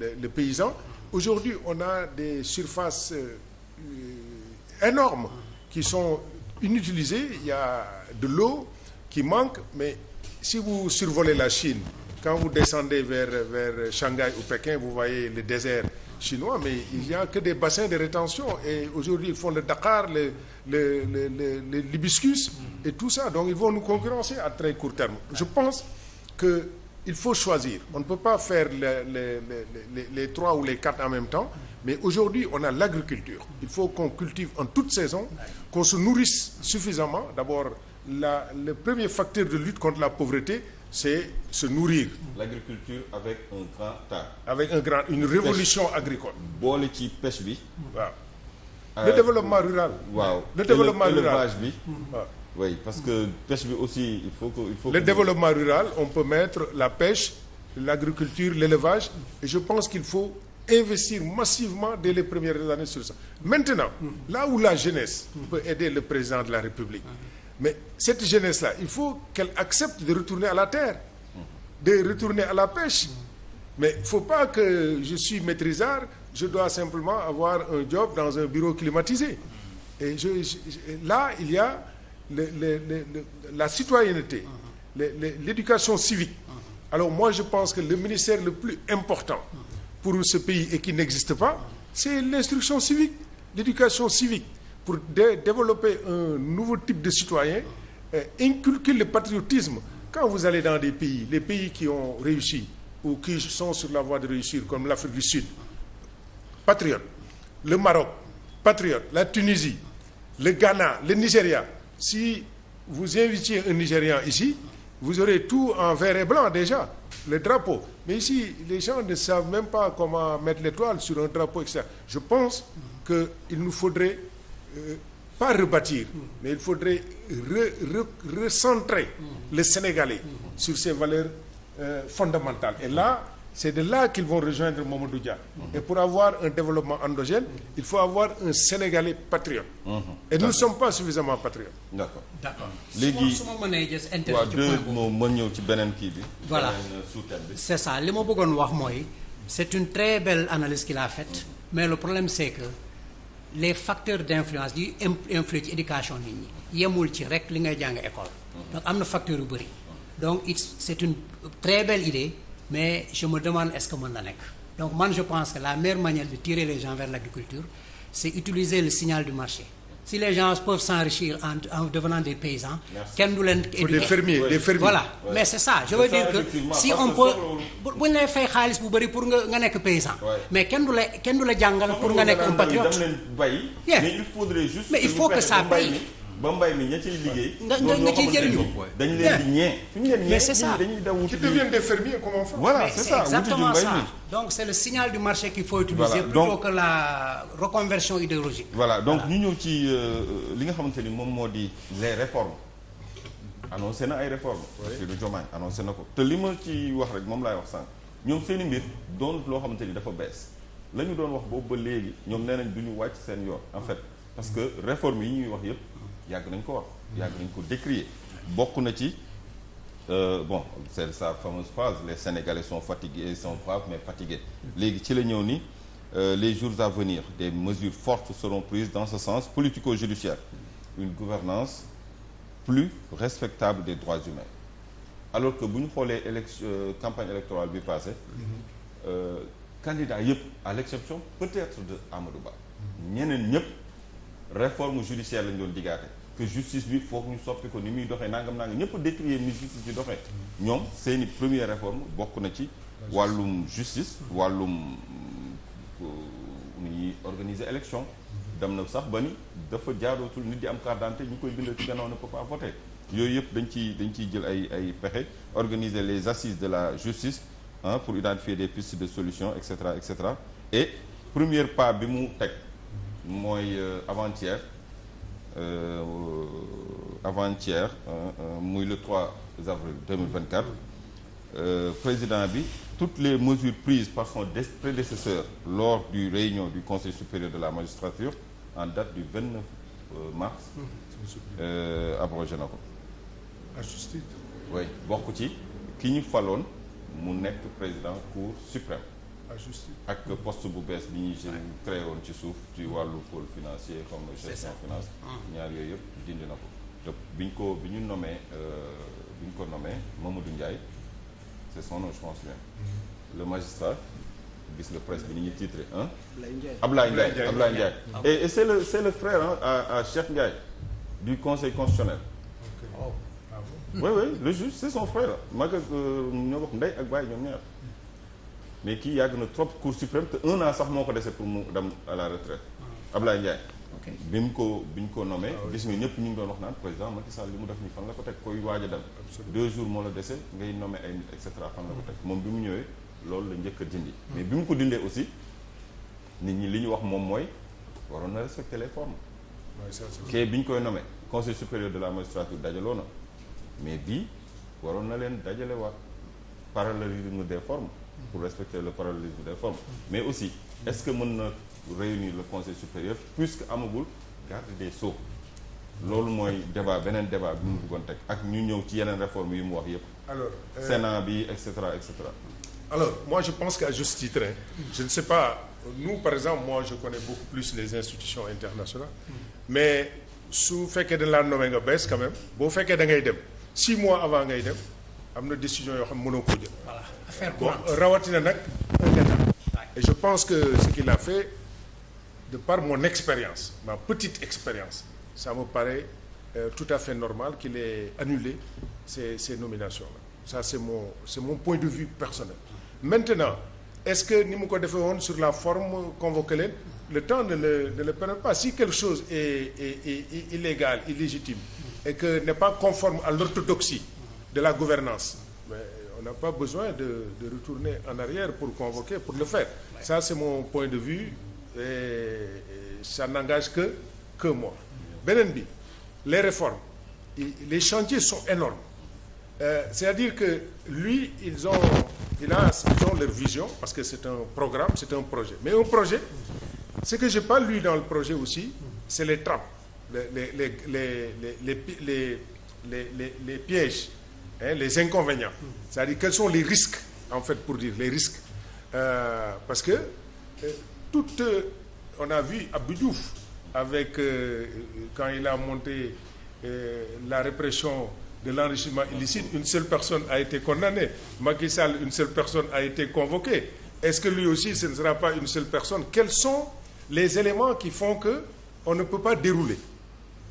les, les paysans. Aujourd'hui, on a des surfaces euh, énormes qui sont inutilisées, il y a de l'eau qui manque, mais si vous survolez la Chine, quand vous descendez vers, vers Shanghai ou Pékin, vous voyez le désert chinois, mais il n'y a que des bassins de rétention. Et aujourd'hui, ils font le Dakar, le, le, le, l'hibiscus et tout ça. Donc, ils vont nous concurrencer à très court terme. Je pense qu'il faut choisir. On ne peut pas faire les, les, les, les, trois ou les quatre en même temps. Mais aujourd'hui, on a l'agriculture. Il faut qu'on cultive en toute saison, qu'on se nourrisse suffisamment. D'abord, le premier facteur de lutte contre la pauvreté, c'est se nourrir. l'agriculture avec un grand A. avec un grand une révolution pêche. agricole. boole ci pêche bi. waaw euh, le développement rural. waaw le développement rural élevage bi. waaw oui parce que pêche bi aussi il faut que il faut. le que... développement rural on peut mettre la pêche l'agriculture l'élevage et je pense qu'il faut investir massivement dès les premières années sur ça maintenant là où la jeunesse peut aider le président de la République. Mais cette jeunesse-là, il faut qu'elle accepte de retourner à la terre, de retourner à la pêche. Mais il ne faut pas que je suis maîtrisard, je dois simplement avoir un job dans un bureau climatisé. Et je, je, là, il y a le, le, le, la citoyenneté, l'éducation civique. Alors moi, je pense que le ministère le plus important pour ce pays et qui n'existe pas, c'est l'instruction civique, l'éducation civique. pour de développer un nouveau type de citoyen euh, inculquer le patriotisme quand vous allez dans des pays les pays qui ont réussi ou qui sont sur la voie de réussir comme l'Afrique du Sud patriote le Maroc patriote la Tunisie le Ghana le Nigeria si vous invitiez un Nigérian ici vous aurez tout en vert et blanc déjà le drapeau mais ici les gens ne savent même pas comment mettre l'étoile sur un drapeau etc. je pense que il nous faudrait Euh, pas rebâtir mais il faudrait re, re, recentrer le Sénégalais sur ses valeurs euh, fondamentales et là c'est de là qu'ils vont rejoindre Mamadou Dia et pour avoir un développement endogène il faut avoir un Sénégalais patriote mhm. et nous ne sommes pas suffisamment patriotes d'accord d'accord su ma mënee jës ci beneen kii bi voilà euh, c'est ça li ma bëggoon wax mooy c'est une très belle analyse qu'il a faite mais le problème c'est que les facteurs d'influence di influer ci éducation nit ñi yemul ci rek li ngay jàng école donc am na facteur yu bëri donc it c'est une très belle idée mais je me demande est-ce que mën na nekk donc man je pense que la meilleure manière de tirer les gens vers l'agriculture c'est utiliser le signal du marché si les gens peuvent s'enrichir en, en devenant des paysans. kenn du leen éduquer des fermiers des fermiers. voilà mais c'est ça je veux dire que si on peut bu ñu lay fay xaalis bu bëri pour nga nga nekk paysan. mais kenn du la kenn du la jàngal pour nga nekk un patriote. mais il faudrait juste mais il faut que ça paye. ba mbay mi ña ciy liggéey. nga nga ciy jëriñu dañ leen di ñee. fu ñu leen ñee dañuy daw wuti. qui deviennent des fermiers comment faire. voilà c'est ça exactement ça donc c'est le signal du marché qu'il faut utiliser. plutôt que la reconversion idéologique. voilà donc ñu ñëw ci euh, li nga xamante ni moom moo di les réformes. annoncé na ay réformes. oui du Diomaye annoncé na ko te li ma ci wax rek moom laay wax sànq ñoom seen i mbir doon loo xamante ni dafa bees la ñu doon wax boobu ba léegi ñoom nee nañ du ñu wàcc seen yoon en fait parce que réformes yi ñuy wax yëpp. yàgg nañ ko wax yàgg nañ ko décrier bokk na ci euh, bon c'est ça fameuse phrase les sénégalais sont fatigués sont braves mais fatigués léegi ci la ñëw ni euh, les jours à venir des mesures fortes seront prises dans ce sens politico-judiciaire une gouvernance plus respectable des droits humains alors que bu ñu xoolee élection euh, campagne électorale bi passé candidat yëpp à l'exception peut-être de Amadou Ba ñeneen ñëpp réforme judiciaire lañ doon diggaate que justice bi foog ñu soppi ko ni muy doxee nangam nangam ñëpp décrier ni justice bi doxee ñoom seeni première réforme bokk na ci wàllum justice wàllum euh, nu ñuy organiser élection dem na sax ba ni dafa jaarootul nit ñi am carte d'identité ñu koy bindal ci gannaaw ne peut pas voter yooyu yëpp dañ ciy dañ ci jël ay ay pexe organiser les assises de la justice ah pour identifier des pistes de solution et cetera et cetera et premier pas bi mu teg mooy euh, avant Euh, avant-hier euh, euh, muy le 3 avril 2024 président bi toutes les mesures prises par son prédécesseur lors du réunion du conseil supérieur de la magistrature en date du 29 mars hmm. abrogé na ko bokk ci ki ñu faloon mu nekk président cour suprême juste ak post bu bees bi ñuy jël créé woon ci suuf ci wàllu pôle financier comme gestion finance ñaar yooyu yëpp dindi na ko te bi ñu ko bi ñu nommé euh, bi ñu ko nommé Mamadou Ndiaye c'est son nom je pense bien le magistrat gis nga presse bi ni ñu titré ah Ablaye Ndiaye Ablaye Ndiaye et, et c'est le c'est le frère hein, à à Cheikh Ndiaye du conseil constitutionnel okay. oh. le juge c'est son frère maa ngi euh, ñoo ndey ak baay ñoom ñaar mais kii yàgg na trop cour suprême te un an sax moo ko dese pour mu dem à la retraite ah. Ablaye Ndiaye bi mu ko bi ñu ko nommé ah gis nga ñëpp ñu ngi doon wax naan président Macky Sall li mu def nii fan la ko teg koy waaj a dem deux jours moo la dese ngay nommé ay nit et cetera fan la ko teg moom bi mu ñëwee loolu la njëkk a dindi ah. mais bi mu ko dindee aussi nit ñi li ñu wax moom mooy waroon na respecter les formes kee bi ñu koy nomee conseil supérieur de la magistrature dajaloo na mais bii waroon na leen dajale waat parallélisme des formes pour respecter le parallélisme de formes mais aussi est-ce que mën na réunir le conseil supérieur puisque amagul garde des sceaux loolu mooy débat beneen débat bi mu bëggoon teg ak ñu ñëw ci yeneen réforme yi mu wax yépp alors euh, Sénat bi et cetera et cetera alors moi je pense que juste titre je ne sais pas nous par exemple moi je connais beaucoup plus les institutions internationales mais su fekkee dañ laa nommé nga bees quand boo fekkee da ngay dem six mois avant ngay dem am na décision yoo xam ne mënoo ko jël faire rawatina nag un je pense que ce qu'il a fait de par mon expérience ma petite expérience ça me paraît euh, tout à fait normal qu'il ait annulé ces ces nominations là ça c'est mon c'est mon point de vue personnel maintenant est-ce que ni mu ko defee woon sur la forme convoqué leen le temps ne le ne le permet pas si quelque chose est est, est, est illégal illégitime et que n'est pas conforme à l'orthodoxie de la gouvernance on n'a pas besoin de, de retourner en arrière pour convoquer, pour le faire. Ouais. Ça, c'est mon point de vue et, et ça n'engage que, que moi. beneen bi les réformes les chantiers sont énormes euh, c'est-à-dire que lui ils ont il a ils ont leur vision parce que c'est un programme c'est un projet mais un projet ce que j'ai pas lu dans le projet aussi c'est les trappes les les les les les les les les, les, les pièges et les inconvénients c'est-à-dire quels sont les risques en fait pour dire les risques euh, parce que euh, toute euh, on a vu Abdou Diouf avec euh, euh quand il a monté euh, la répression de l'enrichissement illicite une seule personne a été condamnée Macky Sall une seule personne a été convoquée est-ce que lui aussi ce ne sera pas une seule personne quels sont les éléments qui font que on ne peut pas dérouler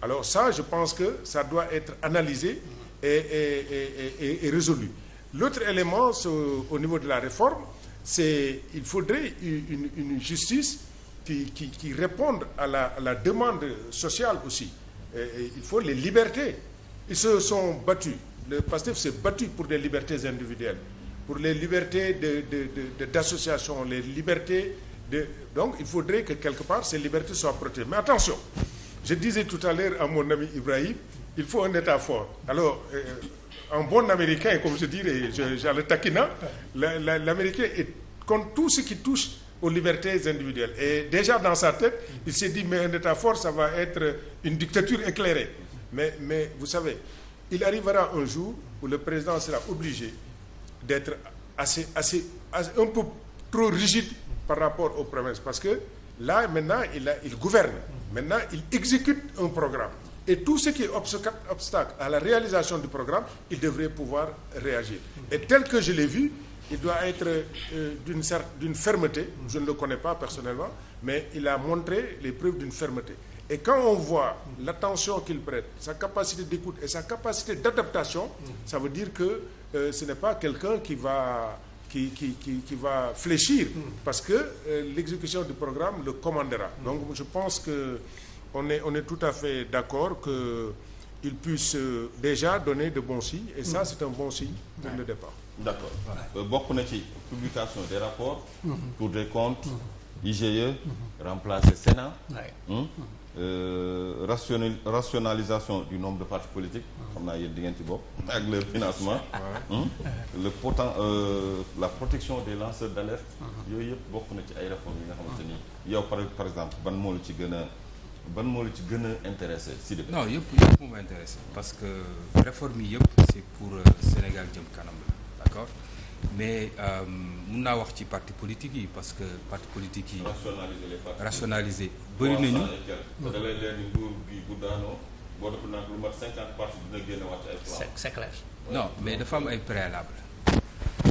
alors ça je pense que ça doit être analysé est, est, est, est résolu. L'autre élément au niveau de la réforme, c'est il faudrait une, une justice qui, qui, qui réponde à la, à la, demande sociale aussi. Et, il faut les libertés. Ils se sont battus. Le PASTEF s'est battu pour des libertés individuelles, pour les libertés d'association, les libertés de... Donc il faudrait que quelque part ces libertés soient protégées. Mais attention, je disais tout à l'heure à mon ami Ibrahim, il faut un État fort alors euh, un bon Américain comme je dirais je le taquinant l'Américain est contre tout ce qui touche aux libertés individuelles et déjà dans sa tête il s'est dit mais un État fort ça va être une dictature éclairée mais mais vous savez il arrivera un jour où le président sera obligé d'être assez, assez assez un peu trop rigide par rapport aux promesses parce que là maintenant il a, il gouverne maintenant il exécute un programme Et tout ce qui est obstacle à la réalisation du programme, il devrait pouvoir réagir. Et tel que je l'ai vu, il doit être euh, d'une d'une fermeté, je ne le connais pas personnellement, mais il a montré les preuves d'une fermeté. Et quand on voit l'attention qu'il prête, sa capacité d'écoute et sa capacité d'adaptation, ça veut dire que euh, ce n'est pas quelqu'un qui va qui, qui, qui, qui, va fléchir, parce que euh, l'exécution du programme le commandera. Donc je pense que on est on tout à fait d'accord que il puisse euh, déjà donner de bons signes et ça c'est un bon signe pour ouais. le départ. d'accord euh, bokk na ci publication des rapports. pour mhm. des comptes. Mhm. IGE. Mhm. remplacer Sénat. Euh, rationa rationalisation du nombre de partis politiques. xam naa yéen di ngeen ci bopp ak leur financement. le potent euh, la protection des lanceurs d'alerte. yooyu yëpp bokk na ci ay réformes yi nga xamante ni yow par par ban moo la ci gën a. ban moo la ci gën a intéressé non yëpp yëpp moom intéressé parce que réforme yi yëpp c'est pour euh, Sénégal jëm kanam la d'accord mais euh, mun naa wax ci parti politique yi parce que parti politique yi. rationaliser les partis rationaliser bëri nañu. waaw da lay leer ni nguur bi bu daanoo c'est clair. non mais dafa am ay préalable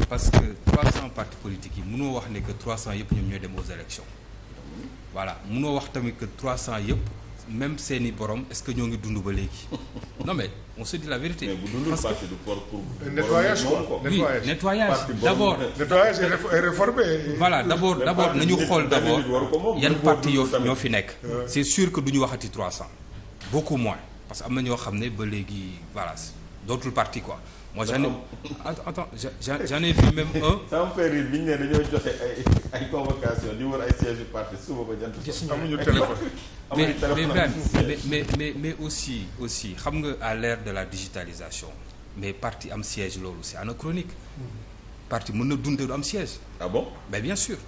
parce que trois cent partis politiques yi mënoo wax ne que trois cent yëpp ñoom ñooy dem aux élections voilà munoo wax tamit que 300 yëpp même seeni borom est-ce que ñoo ngi dund ba léegi non mais on se dit la vérité. mais bu dundul parti du pour pour. nettoyage quoi oui nettoyage d'abord. nettoyage et réformer. voilà yoo ñoo fi nekk. Euh. c'est sûr que du ñu waxati 300. beaucoup moins parce que am na ñoo xam ne ba léegi voilà dootul parti quoi. moi j'en ai attends j'en ai vu même un. ça me ñu ne dañoo joxe ay ay convocation di wër ay sièges parti suba ba jant. gis nga amuñu téléphone amuñu téléphone mais mais mais aussi aussi xam nga à l'ère de la digitalisation mais parti am siège loolu c'est anachronique. Mm-hmm. parti mën na dund du am siège. ah bon mais bien sûr.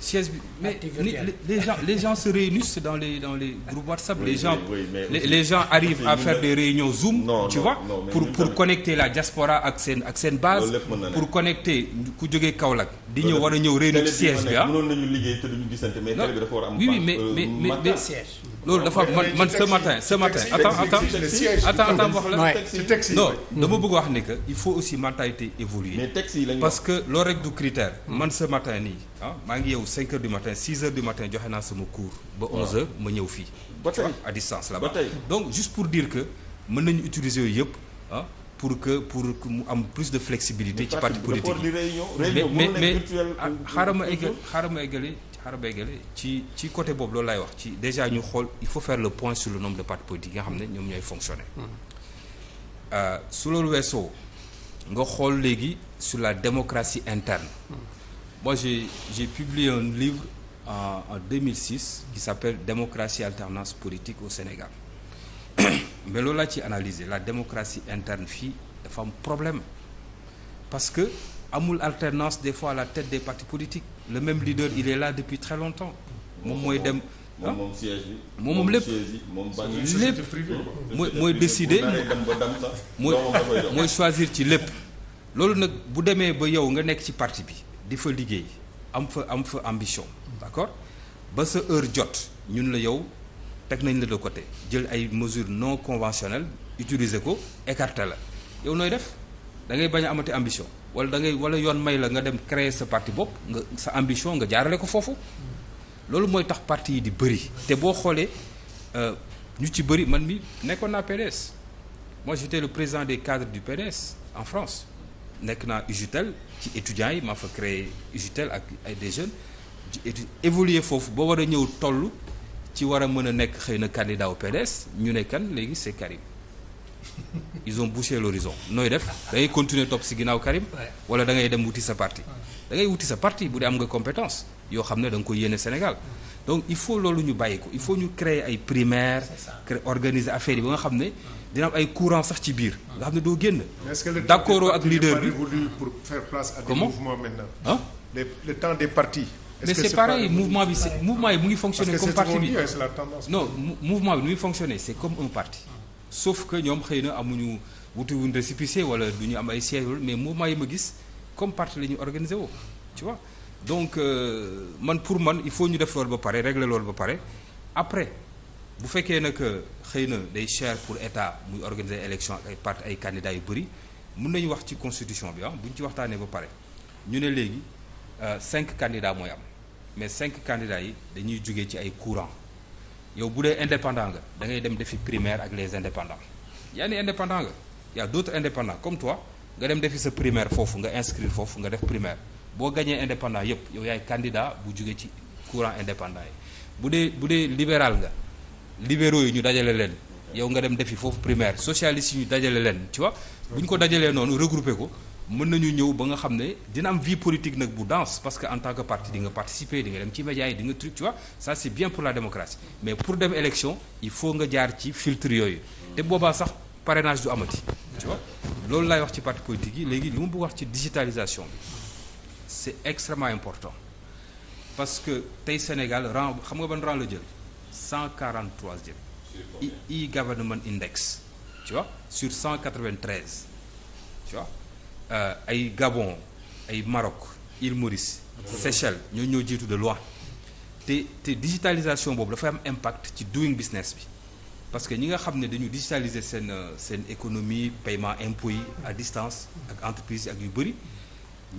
siège bi mais les, les gens les gens se réunissent dans les dans les groupes WhatsApp. Oui, les gens oui, oui, les, les gens arrivent à faire des réunions Zoom. Non, tu pour pour, connecter la diaspora ak seen base. pour connecter ku jógee Kaolack. di ñëw war a ñëw réunion siège bi ah. mënoon nañu liggéey te duñu gisante mais télé bi dafa war a am. oui euh, mais mais mais loolu dafa man man ce matin ce matin. attends attends attends wax la. non dama bëgg wax ne que il faut aussi mentalité évoluer. parce que loolu rek du critère. man ce matin nii. ah maa ngi yow 5 heures du matin 6 heures du matin joxe naa sama cours. ba 11 heures ma ñëw fii. ba tey à distance là donc juste pour diir que mën nañu utiliser yooyu yëpp ah pour que pour que mu am plus de flexibilité. ci parti politique yi mais mais mais ma egg xaaral ma eggale xaaral ma eggale ci ci côté boobu loolu laay wax ci déjà ñu xool il faut faire le point sur le nombre de partis politiques nga xam ne ñoom ñooy fonctionner. Hmm. Euh, su loolu weesoo nga xool léegi sur la démocratie interne. Hmm. Moi, j'ai publié un livre en, en 2006 qui s'appelle Démocratie alternance politique au Sénégal. mais loolu laa ci analyser la démocratie interne fii dafa am problème parce que amul alternance des fois la tête des partis politiques le même leader il est là depuis très longtemps moom mooy dem moom ah? moom siège bi moom lépp mooy mooy décider mooy mooy choisir ci lépp loolu nag bu demee ba yow nga nekk ci partie bi di fa liggéey am fa am fa ambition d'accord ba sa heure jot ñun la yow teg nañ la de côté jël ay mesures non conventionnelles utiliser ko écarte la yow nooy def da ngay bañ a amati ambition wala da ngay wala yoon may la nga dem créer sa parti bopp nga sa ambition nga jaarale ko foofu loolu mooy tax parti yi di bëri te boo xoolee euh, ñu ci bëri man mi nekkoon naa PDS moi j'étais le président des cadres du PDS en France nekk naa UGTEL ci étudiants yi ma fa créé UGTEL ak des jeunes évoluer foofu ba war a ñëw toll ci war a mën a nekk xëy na candidat au PDS ñu ne kan léegi c'est Karim ils ont bouché l'horizon nooy def da ngay continuer topp si ginnaaw Karim wala da ngay dem wuti sa parti da ngay wuti sa parti bu dee am nga compétence yoo xam ne da nga ko yéene Sénégal donc il faut loolu ñu bàyyi ko il faut ñu créer ay primaires organiser affaires yi ba nga xam ne dina am ay courant sax ci biir. nga xam ne doo génn. d'accord ak leader bi pour faire place à des mouvements maintenant. ah le des partis. est-ce mais que c'est pareil mouvement bi c'est mouvement mu ngi fonctionner comme parti bi non mouvement bi nu muy fonctionner c'est comme un parti. sauf que ñoom xëy na amuñu wutiwuñ récépissé wala du ñu am ay siège mais mouvement yi ma gis comme parti la ñu organiser woo tu vois donc euh, man pour man il faut ñu def loolu ba pare régler loolu ba pare après bu fekkee nag. xëy na day cher pour état muy organiser élection ak ay parti ay candidats yu bëri mun nañu wax ci constitution bi ah bu ñu ci waxtaanee ba pare ñu ne léegi euh, cinq candidats mooy am mais cinq candidats yi dañuy jugee ci ay courant yow bu dee indépendant nga da ngay dem defi primaire ak les indépendants yaa ni indépendant nga yaa d'autres indépendants comme toi nga dem defi sa primaire foofu nga inscrire foofu nga def primaire boo gañee indépendant yépp yow yaay candidat bu jugee ci courant indépendant yi nga libéraux yi ñu dajale leen yow nga dem defi foofu primaire socialiste yi ñu dajale leen ci vois bu ñu ko dajale noonu regrouper ko mën nañu ñëw ba nga xam ne dina am vie politique nag bu dance parce que en tant que parti dinga nga participer di dem ci médias yi di nga truc tu vois ça c'est bien pour la démocratie mais pour dem élection il faut nga jaar ci filtre yooyu te boobaa sax parrainage du amati tu vois loolu laay wax ci parti politique yi léegi li mu wax ci digitalisation bi c'est extrêmement important parce que tey Sénégal rang xam nga ban rang la jël 143e e-government index tu vois sur 193 tu vois euh, ay Gabon ay Maroc île Maurice Seychelles ñoo ñoo jiitu de loin te te digitalisation boobu dafay am impact ci doing business bi parce que ñi nga xam ne dañu digitaliser seen euh, seen économie paiement impôts yi à distance ak entreprise yi ak yu bëri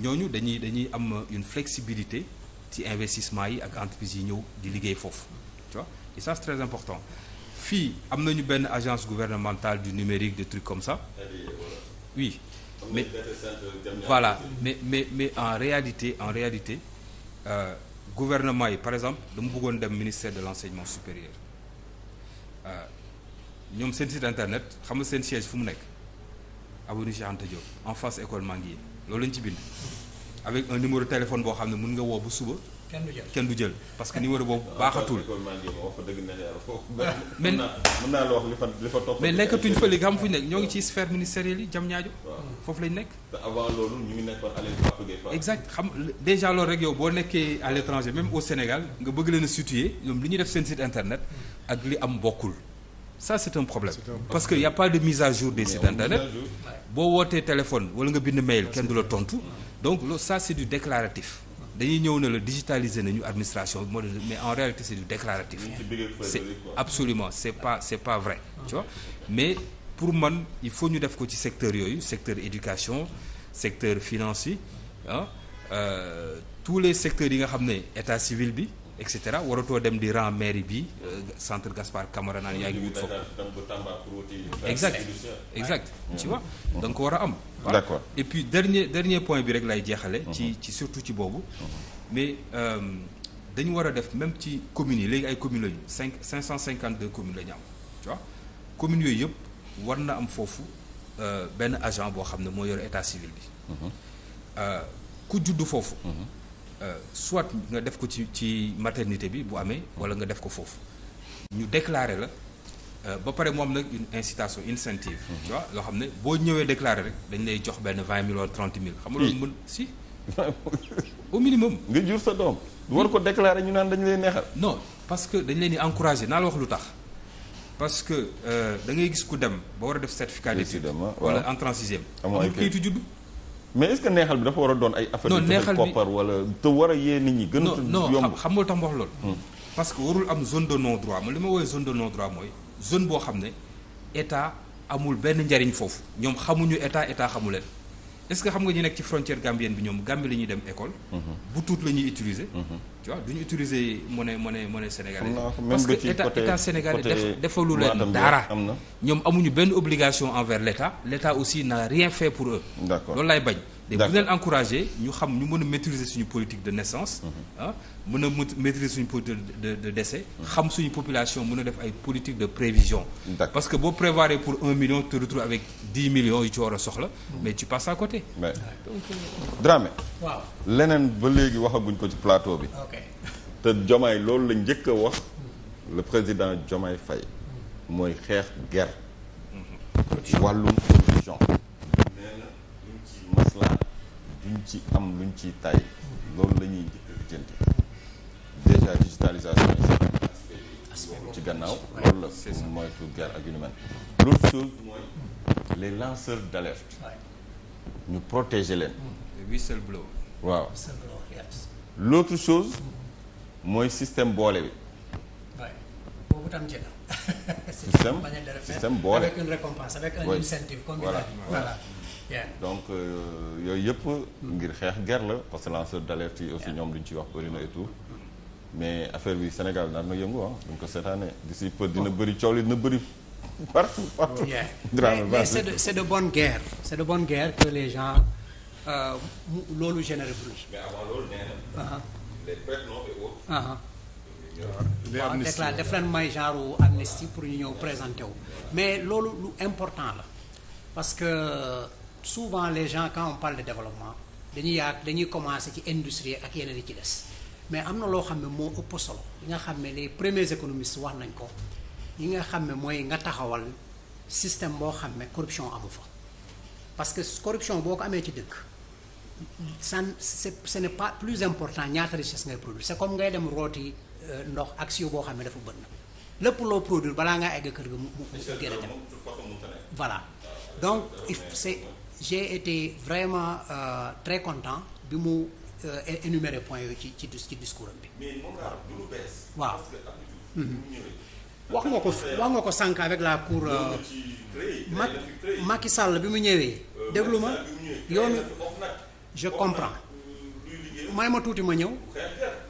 ñooñu dañuy dañuy am une flexibilité ci investissement yi ak entreprise yi ñëw di liggéey foofu et ça c'est très important fii am na ñu benn agence gouvernementale du numérique des trucs comme ça oui mais voilà mais mais en réalité en réalité euh, gouvernement yi par exemple dama bëggoon dem ministère de l'enseignement supérieur euh, ñoom seen site internet xam nga seen siège fu mu nekk avenue Cheikh Anta en face école Manguier loolu lañ ci bind avec un numéro téléphone boo xam ne mun nga woo bu suba kenn du jël kenn du jël parce que numéro boobu ah, baaxatul. mais mën naa la wax li fa li fa fa léegi xam fu ñu nekk ñoo ngi ci sphère ministérielle yi jam ñaajo foofu lañ nekk. te ñu ngi nekkoon à l'étranger. exact xam déjà loolu rek yow boo nekkee à l'étranger même au Sénégal nga bëgg leen a situer ñoom li ñuy def seen site internet ak li am bokkul. ça c'est un problème parce que y a pas de mise à jour des sites internet boo wootee téléphone wala nga bind mail kenn du la tontu donc loolu ça c'est du déclaratif. dañuy ñëw ne la digitaliser nañu administration bi moderne mais en réalité c'est du déclaratif c'est absolument c'est pas c'est pas vrai tu mais pour man il faut ñu def ko ci secteur yooyu secteur éducation secteur finance yi ah euh, tous les secteurs yi nga xam ne état civil bi et cetera waratoo dem di rang mairie bi euh, centre gaspar Camara naan yaa ngi wut foofu. exact exact tu vois da ko war a am. d'accord et puis dernier dernier point bi rek lay jeexale ci ci surtout ci boobu. mais euh, dañu war a def même ci communes yi léegi ay communes lañu cinq cinq cent cinquante deux communes la ñu am tu vois communes yooyu yëpp war na am foofu euh, benn agent boo xam ne moo yor état civil bi. Mhm. ku judd foofu. Mhm. Euh, soit nga def ko ci ci maternité bi bu amee wala nga def ko foofu ñu déclarer la euh, ba pare moom nag une incitation incentive mhm. tu vois loo xam ne boo ñëwee déclarer rek dañ lay jox benn vingt mille wala trente mille xam nga loolu mën si au minimum nga jur sa doom war ko déclarer ñu naan dañu lay neexal non parce que dañ leen di encourager naa la wax lu tax parce que euh, da ngay gis ku dem ba war a def certificat d'études ah, wala entrant sixième amul kayitu juddu mais est neexal bi dafa war a doon ay affaire non neexal bi te war a yee nit ñi gën a yomb xam nga tax wax loolu hmm. parce que warul am zone de non droit ma li ma woowee zone de non droit mooy zone boo xam ne état amul benn njariñ foofu ñoom xamuñu état état xamu leen est-ce que xam nga ñu nekk ci frontière gambienne bi ñoom Gambie la dem école. Mhm. bu tuut la utiliser. Mhm. tu du ñu utiliser monnaie monnaie monnaie sénégalaise. parce que état état sénégalais def defalu leen dara. ñoom amuñu benn obligation envers l' état aussi n'a rien fait pour eux. loolu lay bañ. et bu leen encouragé ñu xam ñu mën a maîtriser suñu politique de naissance mhm. ah mën a maîtriser suñu politique de de décès xam suñu population mën a def ay politique de prévision parce que boo prévoir pour un million te retrouves avec dix millions yu ci war a soxla mhm. mais tu passes à côté Dramé waaw leneen ba léegi waxaguñ ko ci plateau bi te Diomaye loolu la njëkk a wax mhm. le président jomay Faye mooy xeex guerre wàllum provision maslaa duñ ci am luñ ciy tay loolu lañuy ñuy jënti déjà digitalisation yi ci gannaaw loolu la pour moytu guerre ak yu ni mel l'autre chose mooy les lanceurs d'alerte ñu protéger leen hmm. waaw l'autre chose hmm. mooy système boole bi système système boole avec une donc euh, yooyu yëpp ngir xeex guerre la parce que lanceur d'alerte yi aussi ñoom duñ ci wax bëri na mais affaire bi Sénégal nar na yëngu ah duñ ko seetaanee d'ici peu dina oh. bëri coow li dina bëri partout partout. drame mais c'est de c'est de bonne guerre c'est de bonne guerre que les gens euh, loolu généré bruit. mais avant loolu nee na. Ah, ah. les prête-noms ah, may genre amnistie pour ñu ñëw présenter wu mais loolu lu important la parce que. souvent les gens quand on parle de développement dañuy yaag dañuy commencé ci industrie ak yeneen yi ci des mais am na loo xam ne moo ëpp solo yi nga xam ne les premiers économistes wax nañ ko yi nga xam ne mooy nga taxawal système boo xam ne corruption amu fa parce que corruption boo ko amee ci dëkk san ce n'est pas plus important ñaata richesse ngay produire c'est comme ngay dem rooti euh, ndox ak siyo boo xam ne dafa bët na lépp loo produire balaa nga egg kër ga mu mu gën a voilà j'ai été vraiment euh, très content bi mu euh, énuméré point yooyu ci ci ci discours am bi. waaw mhm. wax nga ko wax nga ko sànq avec la cour. Euh, Macky Sall bi mu ñëwee. Euh, déglu ma yoonu je comprends. may ma tuuti ma ñëw.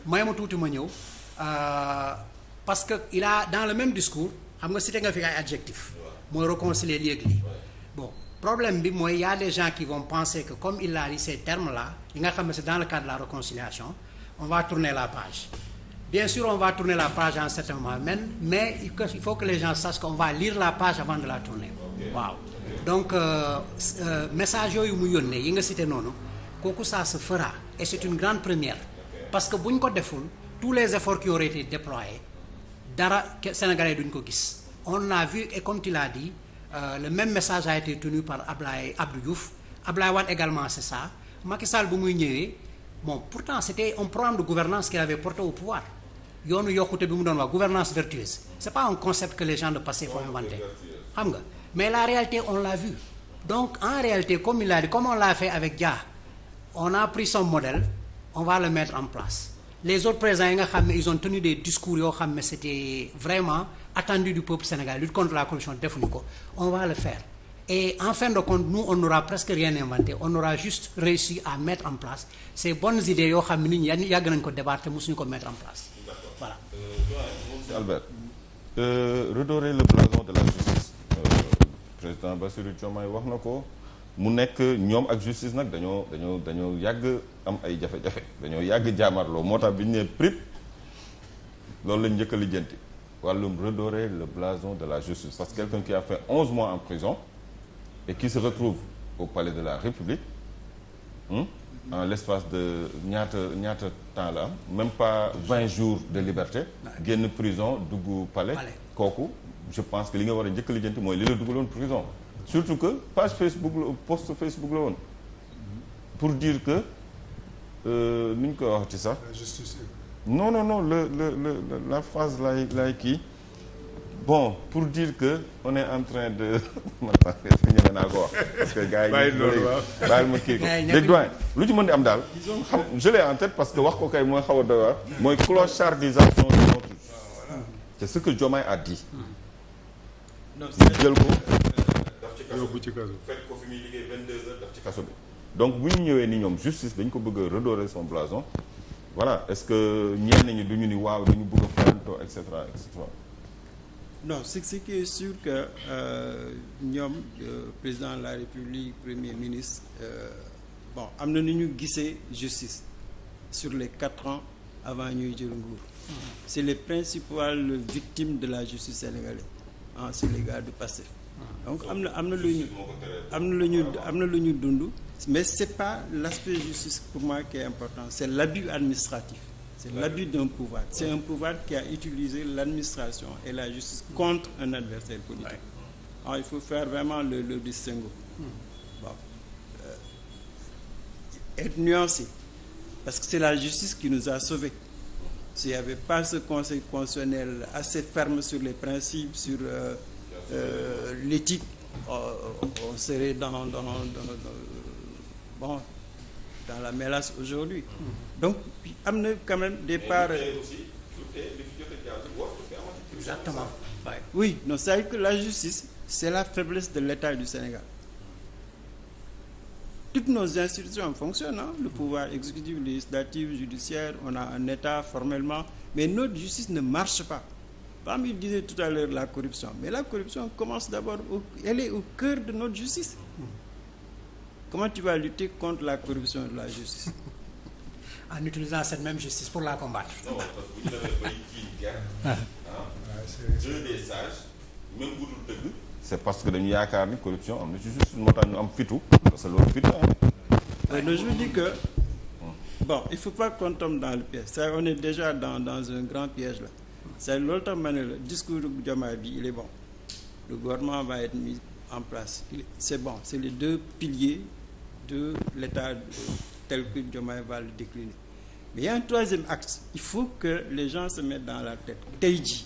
may ma tuuti ma ñëw. parce que il dans le même discours xam nga cité nga fi ay adjectifs. mooy réconcilier léegi lii problème bi mooy y a des gens qui vont penser que comme il a dit ces termes là li nga xam ne c'est dans le cadre de la réconciliation on va tourner la page bien sûr on va tourner la page en certain moment même mais il faut que les gens sachent qu'on va lire la page avant de la tourner waaw donc euh, euh, message yooyu mu yónnee yi nga site noonu kooku ça se fera et c'est une grande première parce que bu ñu ko deful tous les efforts qui auraient été déployés dara Sénégalais duñ ko gis a vu et comme euh, le même message a été tenu par Ablaye Abdou Diouf Ablaye Wade également c'est ça Macky Sall bu muy ñëwee bon pourtant c'était un programme de gouvernance qu'il avait porté au pouvoir yoonu yokkute bi mu doon wax gouvernance vertueuse c'est pas un concept que les gens de passé font inventer xam nga mais la réalité on l'a vu donc en réalité comme il a dit comme on l'a fait avec Dia on a pris son modèle on va le mettre en place les autres présidents yi nga ne ils ont tenu des yoo xam ne c'était vraiment attendu du peuple sénégalais lutte contre la corruption defuñu ko on va le faire et en fin de compte nous on n'aura presque rien inventé on aura juste réussi à mettre en place ces bonnes idées yoo xam ne nit ñi yàgg nañ ko débattre mosuñu ko mettre en place voilà. Euh, Albert euh, le blason de la justice euh, président Bassirou Diomaye wax na ko. mu nekk ñoom ak justice nag dañoo dañoo dañoo yàgg am ay jafe-jafe dañoo yàgg jaamarloo moo tax bi ñu nee prip loolu lañ njëkk a lijjanti wàllum redorer le blason de la justice parce que quelqu'un qui a fait onze mois en prison et qui se retrouve au palais de la République hein, en l'espace de ñaata ñaata temps la am même pas vingt jours de liberté génn prison dugg palais kooku je pense que li nga war a njëkk a lijjanti mooy li la dugaloon prison surtout que page Facebook la post Facebook la woon pour dire que euh, nu ñu koy wax ci sax non non non la le le la phase lay lay kii bon pour dire que on est en train de man ñëwee naa ko wax. parce que yi bàyyi ma kii ko léegi doyen lu ci mën di am daal. jëlee en tête parce que wax ko kay mooy xaw a doy mooy clochardisation de notre. c'est ce que Diomaye a dit. non jël ko. daf ci kaso bi fekk ko fi donc bu ñu ñëwee ni ñoom justice dañ ko bëgg a redorer son blason. voilà est-ce que ñenn nañu du ñu ni waaw dañu bëgg a farantoo et cetera et cetera non c'est que qui euh, que ñoom euh, président de la République premier ministre euh, bon am na nu ñu gisee justice sur les quatre ans avant ñuy jël nguur c'est les principales victimes de la justice sénégalaise en c'est les gars du passé ah. donc am na am na lu ñu am na lu ñu am na lu ñu dund Mais ce n'est pas l'aspect justice pour moi qui est important, c'est l'abus administratif. C'est l'abus d'un pouvoir. C'est un pouvoir qui a utilisé l'administration et la justice contre un adversaire politique. Ouais. Alors, il faut faire vraiment le, le distinguo. Hum. Euh, être nuancé. Parce que c'est la justice qui nous a sauvés. S'il n'y avait pas ce conseil constitutionnel assez ferme sur les principes, sur euh, euh, l'éthique, oh, oh, oh, on serait dans, dans, dans, dans bon dans la mélasse aujourd'hui donc am na quand même des parts exactement oui non c'est que la justice c'est la faiblesse de l'État du Sénégal toutes nos institutions fonctionnent hein? le pouvoir exécutif législatif judiciaire on a un État formellement mais notre justice ne marche pas parmi il disait tout à l'heure la corruption mais la corruption commence d'abord elle est au cœur de notre justice Comment tu vas lutter contre la corruption de la justice En utilisant cette même justice pour la combattre. Non, parce que ah, c'est parce que dañu yaakaar ni corruption am na ci justice moo tax ñu am fitu parce que loolu fitu am. que. bon il faut pas qu'on tombe dans le piège ça on est déjà dans dans un grand piège là. c'est loolu tax ma ne la discours bu Diomaye bi il est bon le gouvernement va être mis en place c'est bon c'est les de piliers. de l'État tel que Diomaye va le décliner mais il un troisième axe il faut que les gens se mettent dans la tête tey jii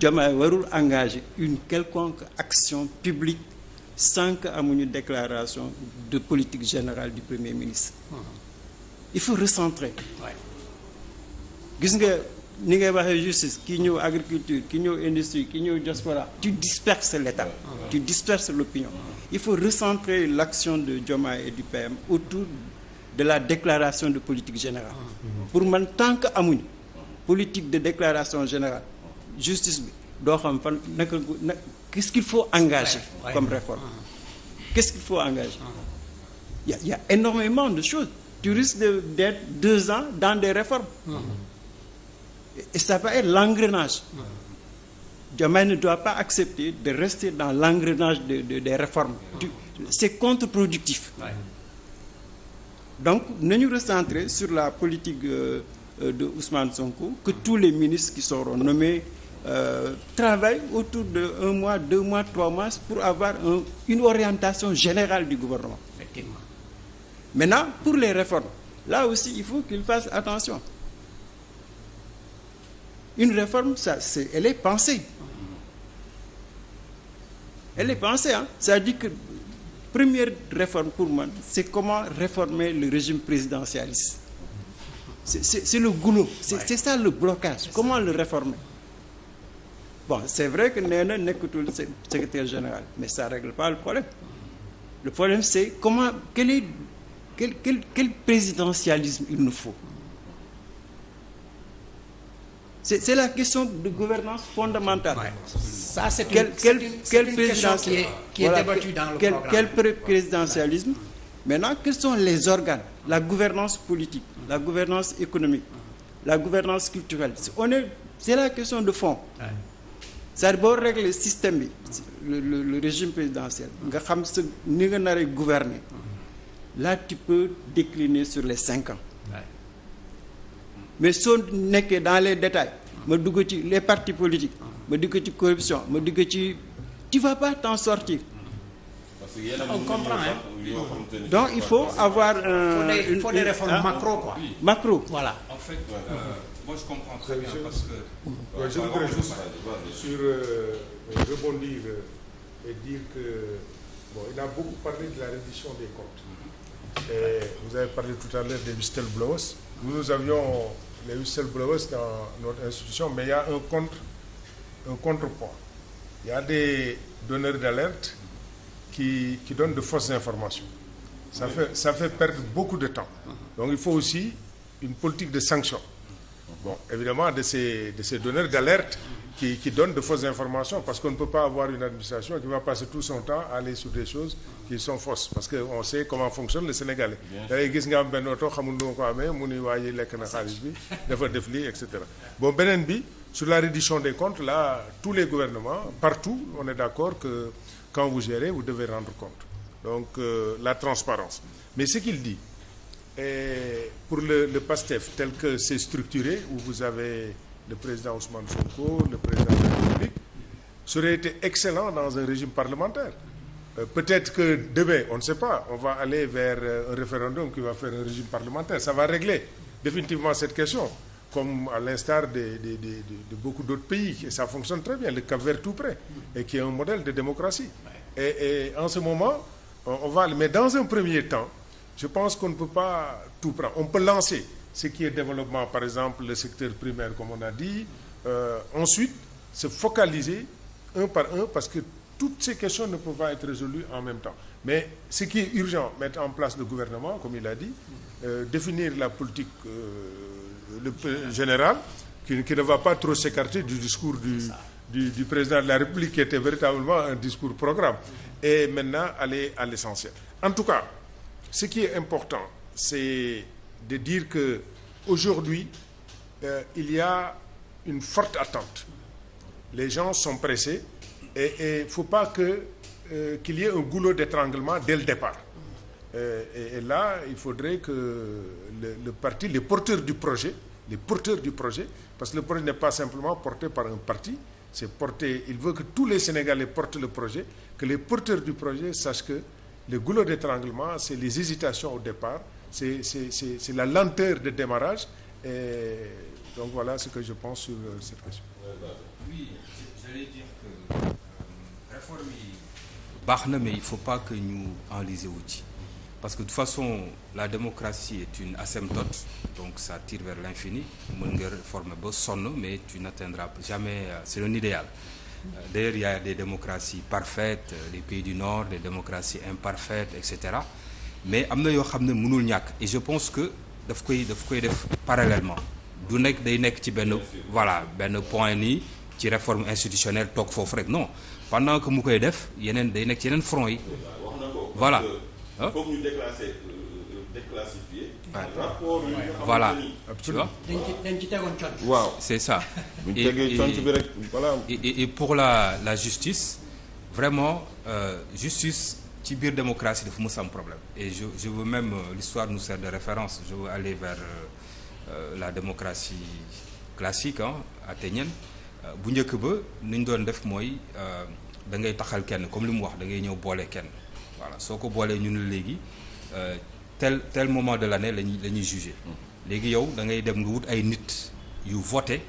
Diomaye warul engage une quelconque action publique sans que amuñu déclaration de politique générale du premier ministre il faut recentrer gis nga ni ngay waxee justice ki ñëw agriculture ki ñëw industrie ki ñëw diaspora tu disperses l'État tu disperses l'opinion il faut recentrer l'action de Diomaye et du PM autour de la déclaration de politique générale pour man tant que amuñ politique de déclaration générale justice bi doo xam fan naka qu'est-ce qu'il faut engager comme réforme ah. qu'est-ce qu'il faut engager ah. il a, énormément de choses tu d'être deux ans dans des réformes ah. et ça va être l'engrenage Diomaye ne doit pas accepter de rester dans l'engrenage de, de, des réformes. C'est contre-productif. Ouais. Donc, nous nous recentrer sur la politique euh, euh, de Ousmane Sonko, que tous les ministres qui seront nommés euh, travaillent autour de un mois, deux mois, trois mois pour avoir un, une orientation générale du gouvernement. Effectivement. Maintenant, pour les réformes, là aussi, il faut qu'ils fassent attention. Une réforme, ça, est, elle est pensée. elle est pensée c'est-à-dire que première réforme pour moi c'est comment réformer le régime présidentialiste c'est le goulot c'est ça le blocage comment le réformer bon c'est vrai que le na nekkatul secrétaire général mais ça règle pas le problème le problème c'est comment quel est quel quel présidentialisme il nous faut c'est la question de gouvernance fondamentale ouais. ça c'est une quel quel présidentialisme qui est, qui voilà, est débattue dans le quel, sont les organes la gouvernance politique la gouvernance économique la gouvernance culturelle on est c'est la question de fond ouais. c'est-à-dire boo régler système bi le, le, le régime présidentiel nga xam sa ni nga nar a gouverner là tu peux décliner sur les cinq ans mais soo nekkee dans les détails ma dugg ci les partis politiques ma dugg ci corruption ma dugg ci tu vas pas t'en sortir. que yéen on comprend donc il faut avoir. un il des, il faut des macro voilà. en euh, je comprends sur euh, rebondir euh, et dire que il a beaucoup parlé de la reddition des comptes. Mhm. vous avez parlé tout à l'heure des whistleblowers. Nous avions les whistleblowers dans notre institution, mais il a un contre un contre Il y a des donneurs d'alerte qui, qui donnent de fausses informations. Ça, oui. fait, ça fait perdre beaucoup de temps. Donc il faut aussi une politique de sanction. évidemment, de ces, de ces donneurs d'alerte qui, qui donnent de fausses informations, parce qu'on ne peut pas avoir une administration qui va passer tout son temps à aller sur des choses qui sont fausses, parce qu'on sait comment fonctionne le Sénégalais. da ngay gis nga am benn oto xamul nu ko amee mu ni waaye lekk na bi def lii et cetera bon beneen bi. Sur la reddition des comptes, là, tous les gouvernements, partout, on est d'accord que quand vous gérez, vous devez rendre compte. Donc, euh, la transparence. Mais ce qu'il dit, pour le, le, PASTEF, tel que c'est structuré, où vous avez le président Ousmane Sonko, le président de la République, serait été excellent dans un régime parlementaire. Euh, peut-être que demain, on ne sait pas, on va aller vers euh, un référendum qui va faire un régime parlementaire. Ça va régler définitivement cette question. comme à l'instar de, de, de, de, beaucoup d'autres pays. Et ça fonctionne très bien, le Cap-Vert tout près, mm-hmm. et qui est un modèle de démocratie. Et, en ce moment, on, on, va... Mais dans un premier temps, je pense qu'on ne peut pas tout prendre. On peut lancer ce qui est développement, par exemple, le secteur primaire, comme on a dit. Euh, ensuite, se focaliser un par un, parce que toutes ces questions ne peuvent pas être résolues en même temps. Mais ce qui est urgent, mettre en place le gouvernement, mm-hmm. euh, la politique... Euh, le général qui, qui ne va pas trop s'écarter du discours du, du, du, président de la République qui était véritablement un discours programme. Et maintenant, aller à l'essentiel. En tout cas, ce qui est important, c'est de dire que aujourd'hui, euh, il y a une forte attente. Les gens sont pressés et il ne faut pas que euh, qu'il y ait un goulot d'étranglement dès le départ. Euh, et, et, là, il faudrait que le, le parti, les porteurs du projet, les porteurs du projet, parce que le projet n'est pas simplement porté par un parti, c'est porté, il veut que tous les Sénégalais portent le projet, que les porteurs du projet sachent que le goulot d'étranglement, c'est les hésitations au départ, c'est la lenteur de démarrage. Et donc voilà ce que je pense sur euh, cette question. Euh, oui, j'allais dire que euh, réforme, il... mais il ne parce que de toute façon la démocratie est une asymptote donc ça tire vers l'infini mën nga réformer ba sonn mais tu n'atteindras jamais euh, c'est un idéal euh, d'ailleurs il y a des démocraties parfaites les euh, pays du nord des démocraties imparfaites et cetera mais am na yoo xam ne mënul ñàkk et je pense que daf koy daf koy def parallèlement du nekk day nekk ci benn voilà benn point nii ci réforme institutionnelle toog foofu rek non pendant que mu koy def yeneen day nekk ci yeneen front comme ñu déclassé euh, déclassifié. voilà tu waaw c'est ça. bu ñu tegee coono bi rek voilà. pour la la justice vraiment euh, justice ci biir démocratie dafa mës a am problème. et je je veux même euh, l'histoire nous sert de référence je veux aller vers euh, la démocratie classique ah bu njëkk ba ni ñu doon def mooy da ngay taxal kenn comme li mu wax dangay ñëw boole kenn. voilà soo ko boolee ñun ne léegi euh, tel tel moment de l'année lañuy la ñuy jugé mm-hmm. léegi yow da ngay dem nga wut ay nit yu voté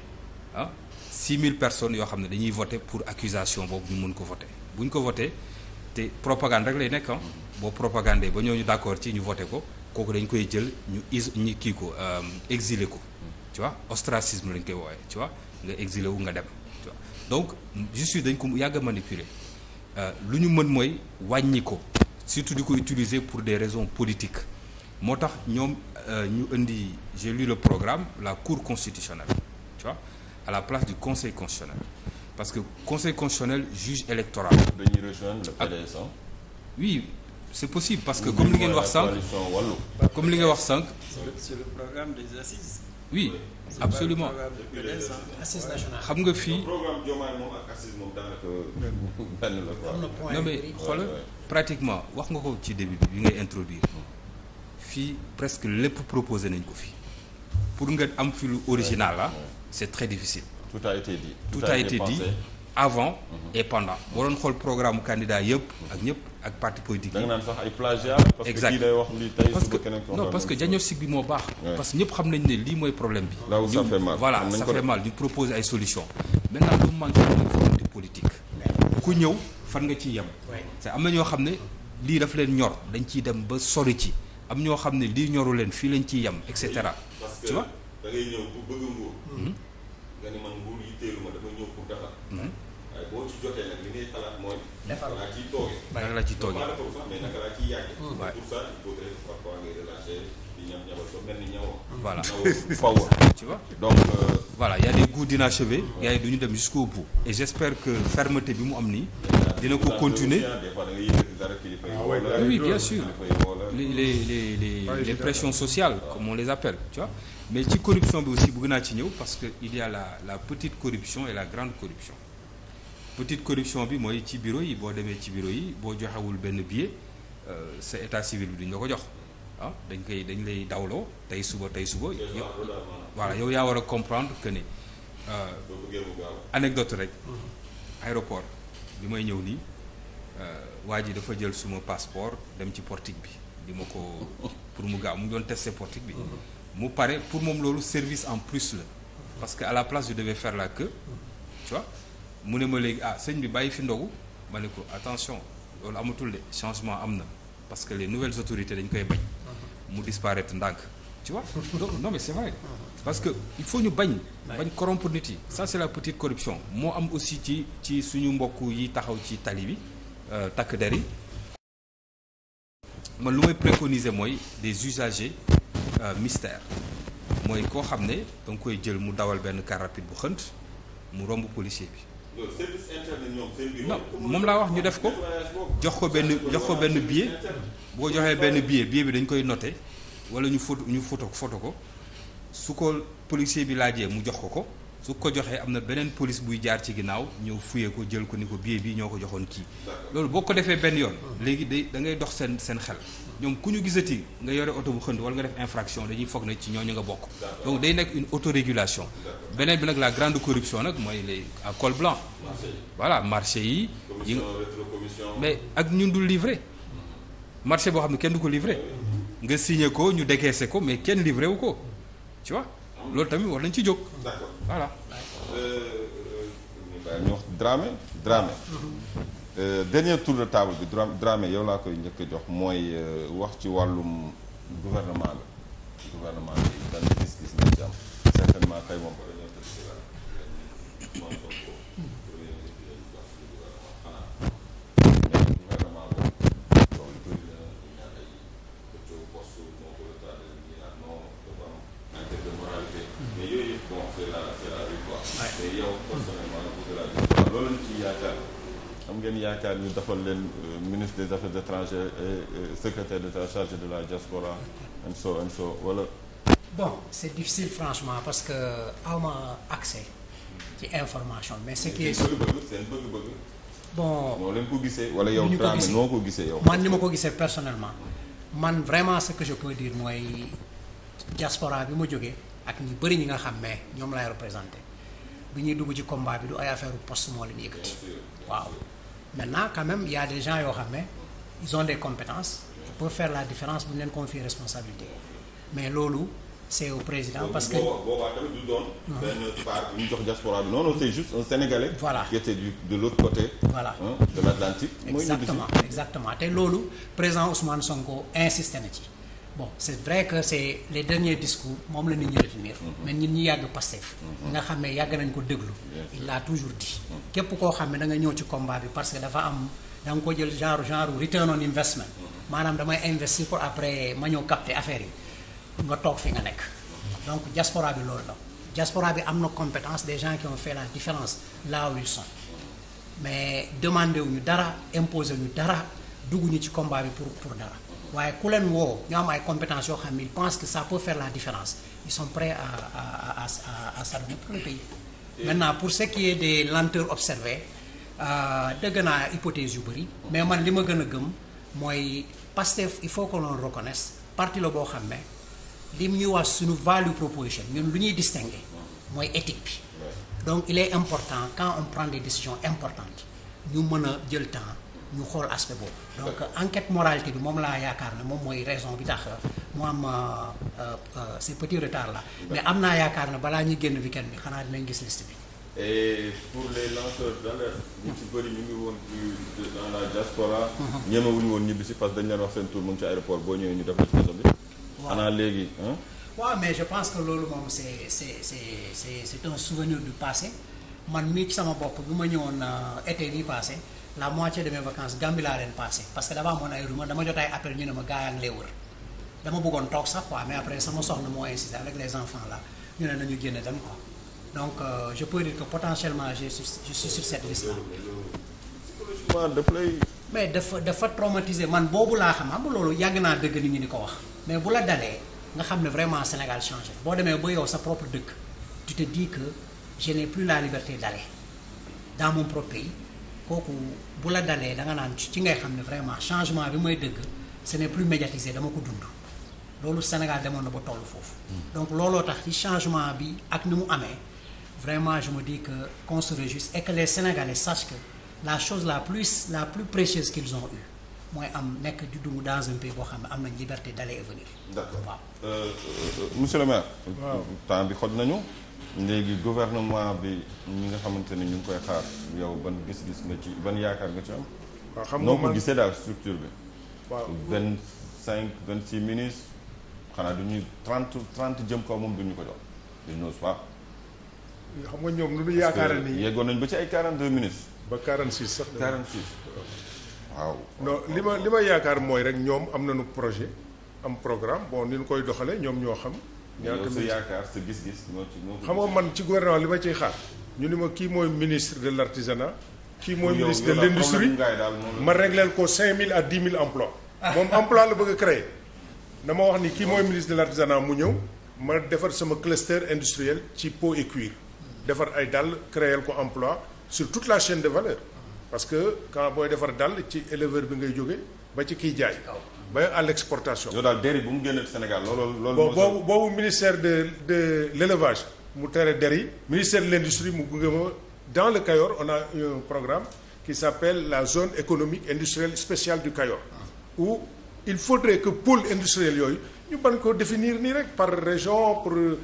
ah six mille personnes yoo xam ne dañuy voté pour accusation boobu ñu mun ko voté buñ ko voté te propagande rek lay nekk ah mm-hmm. boo propagandé ba ñoo ñu d'accord ci ñu voté ko kooku dañ koy jël ñu is ñu kii ko euh, exilé ko mm-hmm. tu vois ostracisme lañ koy woowee ci vois nga exilé wu nga dem tu vois donc je suis dañ ko yàgg a euh, lu ñu mën mooy wàññi ko surtout di ko utiliser pour des raisons politiques moo tax ñoom euh, ñu indi j'ai lu le programme la cour constitutionnelle tu vois à la place du conseil constitutionnel parce que conseil constitutionnel juge électoral. dañuy rejoindre le PDS oui c'est possible parce que comme li ngeen wax sànq. comme li ngeen wax sànq. c'est le programme des assises. oui absolument xam nga fii. non mais xoolal pratiquement wax nga ko ci début bi bi ngay introduire fii presque lépp proposé nañ ko fii pour nga am fi lu original la ah, c'est très difficile. tout a été dit tout a été dit. avant et pendant moo doon xool programme candidat yëpp ak ñëpp ak parti politique yi. da nga naan sax ay plagiat. parce que kii wax lii tey que non que diagnostic bi moo baax. parce que ñëpp xam nañ ne lii mooy problème bi. là voilà ça fait mal ñu proposer ay solution maintenant lu mu manqué mooy volonté politique. ku ñëw fan nga ciy yem. c'est am na ñoo xam ne lii daf leen ñor dañ ciy dem ba sori ci am ñoo xam ne lii ñoru leen fii lañ ciy yem et cetera. parce que da ngay ñëw bu boo ci jotee nag la ngay xalaat mooy. naka laa ciy hmm. il faudrait parfois ngay voilà donc. Euh, voilà y a des goûts d'inachevés. gars yi du ñu dem jusqu'au bout. et j'espère que fermeté bi mu am nii. dina ko continuer ah oui bien sûr les les les les les pressions sociales comme on les appelle tu mais ci corruption bi aussi bëgg naa ci ñëw parce que il y a la la petite corruption et la grande corruption petite corruption bi mooy ci biro yi boo demee ci biro yi boo joxewul benn billet euh, sa état civil bi duñ la ko jox ah dañ koy dañ lay dawloo tey suba tey suba voilà yow yaa war a comprendre que ne euh, anecdote rek mm-hmm. aéroport bi may ñëw nii euh, waa ji dafa jël suma passeport dem ci portique bi di ma ko pour mu gaaw mu ngi doon tester portique bi mm-hmm. mu pare pour moom loolu service en plus la parce que à la place je devais faire la queue tu mu ne ma léegi ah sëñ bi bàyyi fi ndogu ma ne ko attention loolu amatul de changement am na parce que les nouvelles autorités dañ koy bañ. mu disparaître ndànk tu vois parce que il faut ñu bañ. bañ corrompre nit yi. ça c'est la petite corruption moo am aussi ci ci suñu mbokk yi taxaw ci tali bi euh, takk der yi. man lu may préconiser mooy des usagers euh, mystères mooy koo xam ne da koy jël mu dawal benn car rapide bu xënt mu romb policier bi. non moom laa wax ñu def ko jox ko benn jox ko benn billet boo joxee benn billet billet bi dañ koy noter wala ñu foto ñu foto foto ko su ko policier bi laajee mu jox ko ko su ko joxee am na beneen police buy jaar ci ginnaaw ñëw fuye ko jël ko ni ko billet bi ñoo ko joxoon kii loolu boo ko defee benn yoon léegi day da ngay dox seen seen xel ñoom ku ñu gisati nga yore oto bu xënd wala nga def infraction dañuy foog na ci ñooñu nga bokk donc day nekk une autorégulation beneen bi nag la grande corruption nag mooy les à col blanc voilà marché yi yi mais ak ñun dul livré marché boo xam ne kenn du ko livré nga signe ko ñu décaissé ko mais kenn livré wu ko ci vois loolu tamit war nañ ci jóg voilà euh, euh, ñu wax mm-hmm. Euh, dernier tour de table bi Dramé yow laa koy njëkk a jox mooy euh, wax ci wàllum gouvernement bi gouvernement bi benn gis-gis nga ci am certainement tey moom defal leen euh, ministre des affaires étrangères et secrétaire d'État chargé de la diaspora and so and so wala. bon c'est difficile franchement parce que awma accès ci information mais ce qui est bon noo leen wala yow Dramé yow man ni ma ko gisee personnellement man vraiment ce que je peux dire mooy diaspora bi ma jógee ak ñu bëri ñi nga xam mais ñoom laay représenté bi ñuy dugg ci combat bi du ay affaire poste moo leen yëkkati waaw maintenant quand même il des gens yoo xam ne ils ont des compétences ils faire la différence bu ñu leen confier responsabilité mais loolu c'est au président parce que boobaa tamit du jox diaspora bi non non c'est juste un voilà qui de l'autre côté voilà de l'Atlantique exactement te loolu président Ousmane Sonko insisté na ci bon c'est vrai que c'est les derniers discours moom la nit ñi retenir mhm. mais ñun ñi yàgg Pastef mhm. nga xam ne yàgg nañ ko déglu il l'a toujours dit mhm. képp koo xam ne da nga ñëw ci combat bi parce que dafa am da nga ko jël genre genre return on investment maanaam damay investir pour après ma ñëw capter affaire yi nga toog fi nga nekk donc diaspora bi loolu la diaspora bi am na compétence des gens qui ont fait la différence là où ils sont mais demandé wuñu dara imposé wuñu dara dugguñu ci combat bi pour pour dara waaye ku leen woo ñu am ay compétences yoo xam ne ils pensent que ça peut faire la différence ils sont prêts à à à à servir pour le maintenant pour ce qui est des lenteurs observées euh, dëgg naa hypothèse yu bëri. mais man li ma gën a gëm mooy Pastef il faut que l'on reconnaisse parti la boo xam ne li ñuy wax suñu value proposition ñun lu ñuy distinguer mooy éthique bi donc il est important quand on prend des décisions importantes ñu mën a jël temps. ñu xool aspect boobu. donc enquête moralité bi moom laa yaakaar ne moom mooy raison bi tax mu am euh, euh, euh, ces petits retards la mais am naa yaakaar ne balaa ñuy génn weekend bi xanaa dinañ gis liste bi. et pour les lanceurs d'alerte ñu ci bëri ñu woon ci dans la diaspora. Mhm. woon ñibbi si parce dañ leen wax seen mu ngi boo ñëwee ñu def la ci mais je pense que loolu moom c'est c'est c'est c'est un souvenir du man mii ci sama bopp bi ma ñëwoon été nii passé. la moitié de mes vacances Gambie laa leen passé parce que dafa amoon ay rumeur dama jot appel ñu ne ma gars yaa ngi lay wër dama bëggoon toog sax quoi mais après sama soxna moo insisté avec les enfants là ñu ne nañu génn dem quoi donc euh, je peux ko que potentiellement je suis je suis sur cette mais dafa dafa traumatisé man boobu laa xam am loolu yàgg naa dëgg nit ñi di ko wax mais bu la dalee nga xam ne vraiment Sénégal changé boo demee ba yow sa propre dëkk tu te dis que je n'ai plus la liberté d'aller dans kooku bu la dalee da nga naan ci ngay xam ne vraiment changement bi mooy dëgg ce n'est plus médiatisé dama ko dund loolu Sénégal demoon na ba toll foofu hmm. donc looloo tax ci changement bi ak ni mu amee vraiment je me dis que qu'on se réjouisse et que les Sénégalais que la chose la plus la plus précieuse qu'ils ont eue mooy am nekk di dund dans un pays boo xam ne am nañ liberté d'aller et venir d'accord waaw euh, euh, euh, monsieur le maire temps bi xoj nañu léegi gouvernement bi ñi nga xamante ni ñu ngi koy xaar yow ban gis-gis nga ci ban yaakaar nga ci am. waaw xam nga noo ko gisee daal structure bi. waaw vingt cinq vingt six ministres xanaa du ñuy trente trente jëm kaw moom du ko jox du ñu xam nga ñoom lu ñu yaakaar ni yeggoon nañ ba ci ay quarante deux ministres. ba quarante six sax. quarante six waaw. non li ma li ma yaakaar mooy rek ñoom am nañu projet am programme bon ni ñu koy doxalee ñoom ñoo xam. yow tamit yaakaar sa gis moo ci moo xam nga man ci gouvernement li ma ciy xaar ñu ni ma kii mooy ministre de l'artisanat kii mooy ministre de l'industrie ma régleel ko 5000 à 10 000 emplois moom emploi la bëgg a créer dama wax ni kii mooy ministre de l'artisanat mu ñëw ma defar sama cluster industriel ci peau et cuir defar ay dàll créer ko emploi sur toute la chaîne de valeur parce que quand booy defar dàll ci éleveur bi ngay jóge ba ci kiy jaay ba à l'exportation. yow daal deri bu mu génne Sénégal loolu loolu. boobu boobu ministère de de l'élevage mu tere deri ministère de l'industrie mu gunge ma dans le Cayor on a un programme qui s'appelle la zone économique industrielle spéciale du Cayor où il faudrait que pôle industriel yooyu ñu ban ko définir nii rek par région pour euh,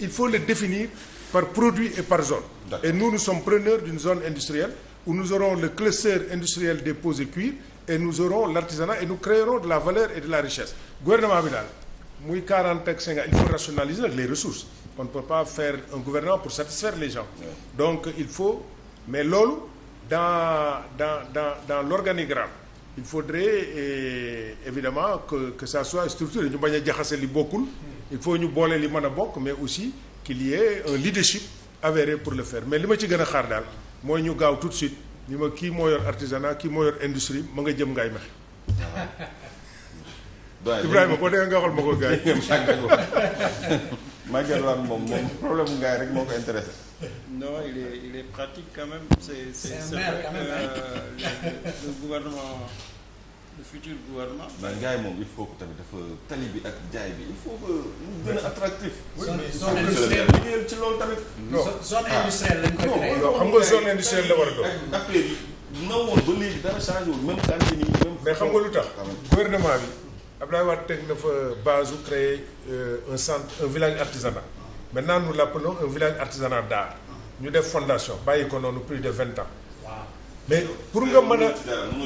il faut le définir par produit et par zone. et nous nous sommes preneurs d'une zone industrielle où nous aurons le cluster industriel des poses et cuirs. et nous aurons l'artisanat et nous créerons de la valeur et de la richesse gouvernement bi daal muy quarante ak cinquante il faut rationaliser les ressources on ne peut pas faire un gouvernement pour satisfaire les gens donc il faut mais loolu dans dans dans dans l'organigramme il faut et, eh, évidemment que que ça soit structuré ñu bañ a jaxase li bokkul il faut ñu boole li mën a bokk mais aussi qu'il y ait un leadership avéré pour le faire mais li ma ci gën a xaar daal mooy ñu gaaw tout ni ma kii moo yor artisanat kii moo industrie ma nga jëm ngay mexe Ibrahima boo dee nga xool ma ko gaay Maguette Wane moom moom problème ngaay rek moo ko intéressé. non il est il est pratique quand même. c'est c'est, c'est, c'est vrai que euh, gouvernement. le futur gouvernement. mais gars yi moom il bi jaay bi il a ci loolu tamit. Ah. xam nga zone industrielle la war a doon. affaire yi non woon ba xam nga lu tax ah gouvernement bi Abdoulaye Wade teg na fa base su créer euh, un centre un village artisanal. maintenant nous l'appelons un village artisanal d'art ñu def fondation bàyyi ko noonu plus de vingt ans. mais pour nga mën a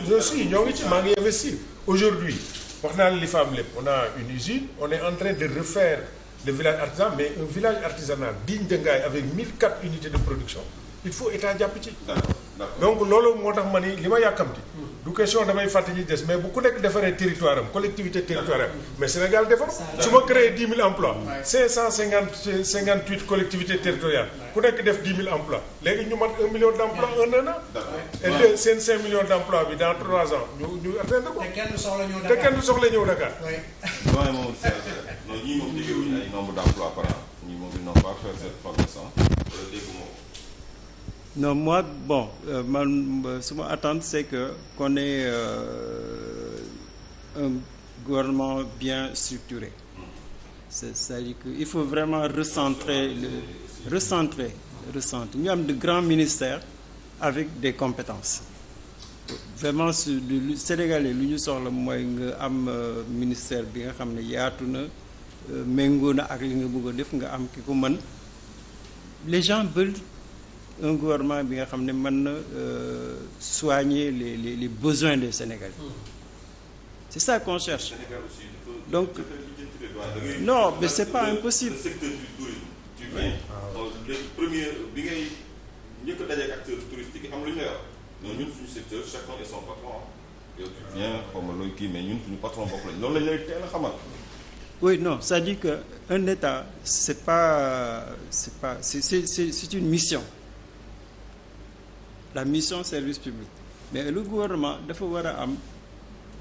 je ñoo ngi ci maa ngi investir aujourd'hui wax naa la li fa am lépp on a une usine on est en train de refaire le village artisan mais un village artisanal digne de Ngaye avec 1004 unités de production il faut état jàpp ci donc loolu moo tax ma ni li ma yàkkamti du question damay fàtte ñi des mais bu ku nekk defaree territoire am collectivité territoire am mais Sénégal defar su ma créé 10 000 emplois 550 58 collectivités territoriales ku nekk def 10 000 emplois léegi ñu mat 1 et seen 5 bi dans 3 ans ñu ñu soxla soxla ñëw Dakar. oui. waaye moom c' est non ñii euh, moi bon euh, man euh, suma attente est que qu'on ait euh, un gouvernement bien structuré. c'est-à-dire que il faut vraiment recentrer le recentrer recentrer ñu am de grands ministères. avec des compétences vraiment su du Sénégalais lu ñu soxla mooy nga am euh, ministère bi nga xam ne yaatu na euh, méngoo na ak li nga bëgg def nga am ki ko mën les gens veulent un gouvernement bi nga xam ne mën na euh, soigner les les les besoins des Sénégalais. Hmm. c'est ça qu'on cherche. donc non mais c'est pas impossible. njëkk a dajeeg acteur touristique yi xam lu ñu lay ñun suñu secteur chacun est son patron patron bopp loolu lañ lay teel a xamal non cest dire que un état c'est pas c'est pas c'est une mission la mission service public mais lu gouvernement dafa war a am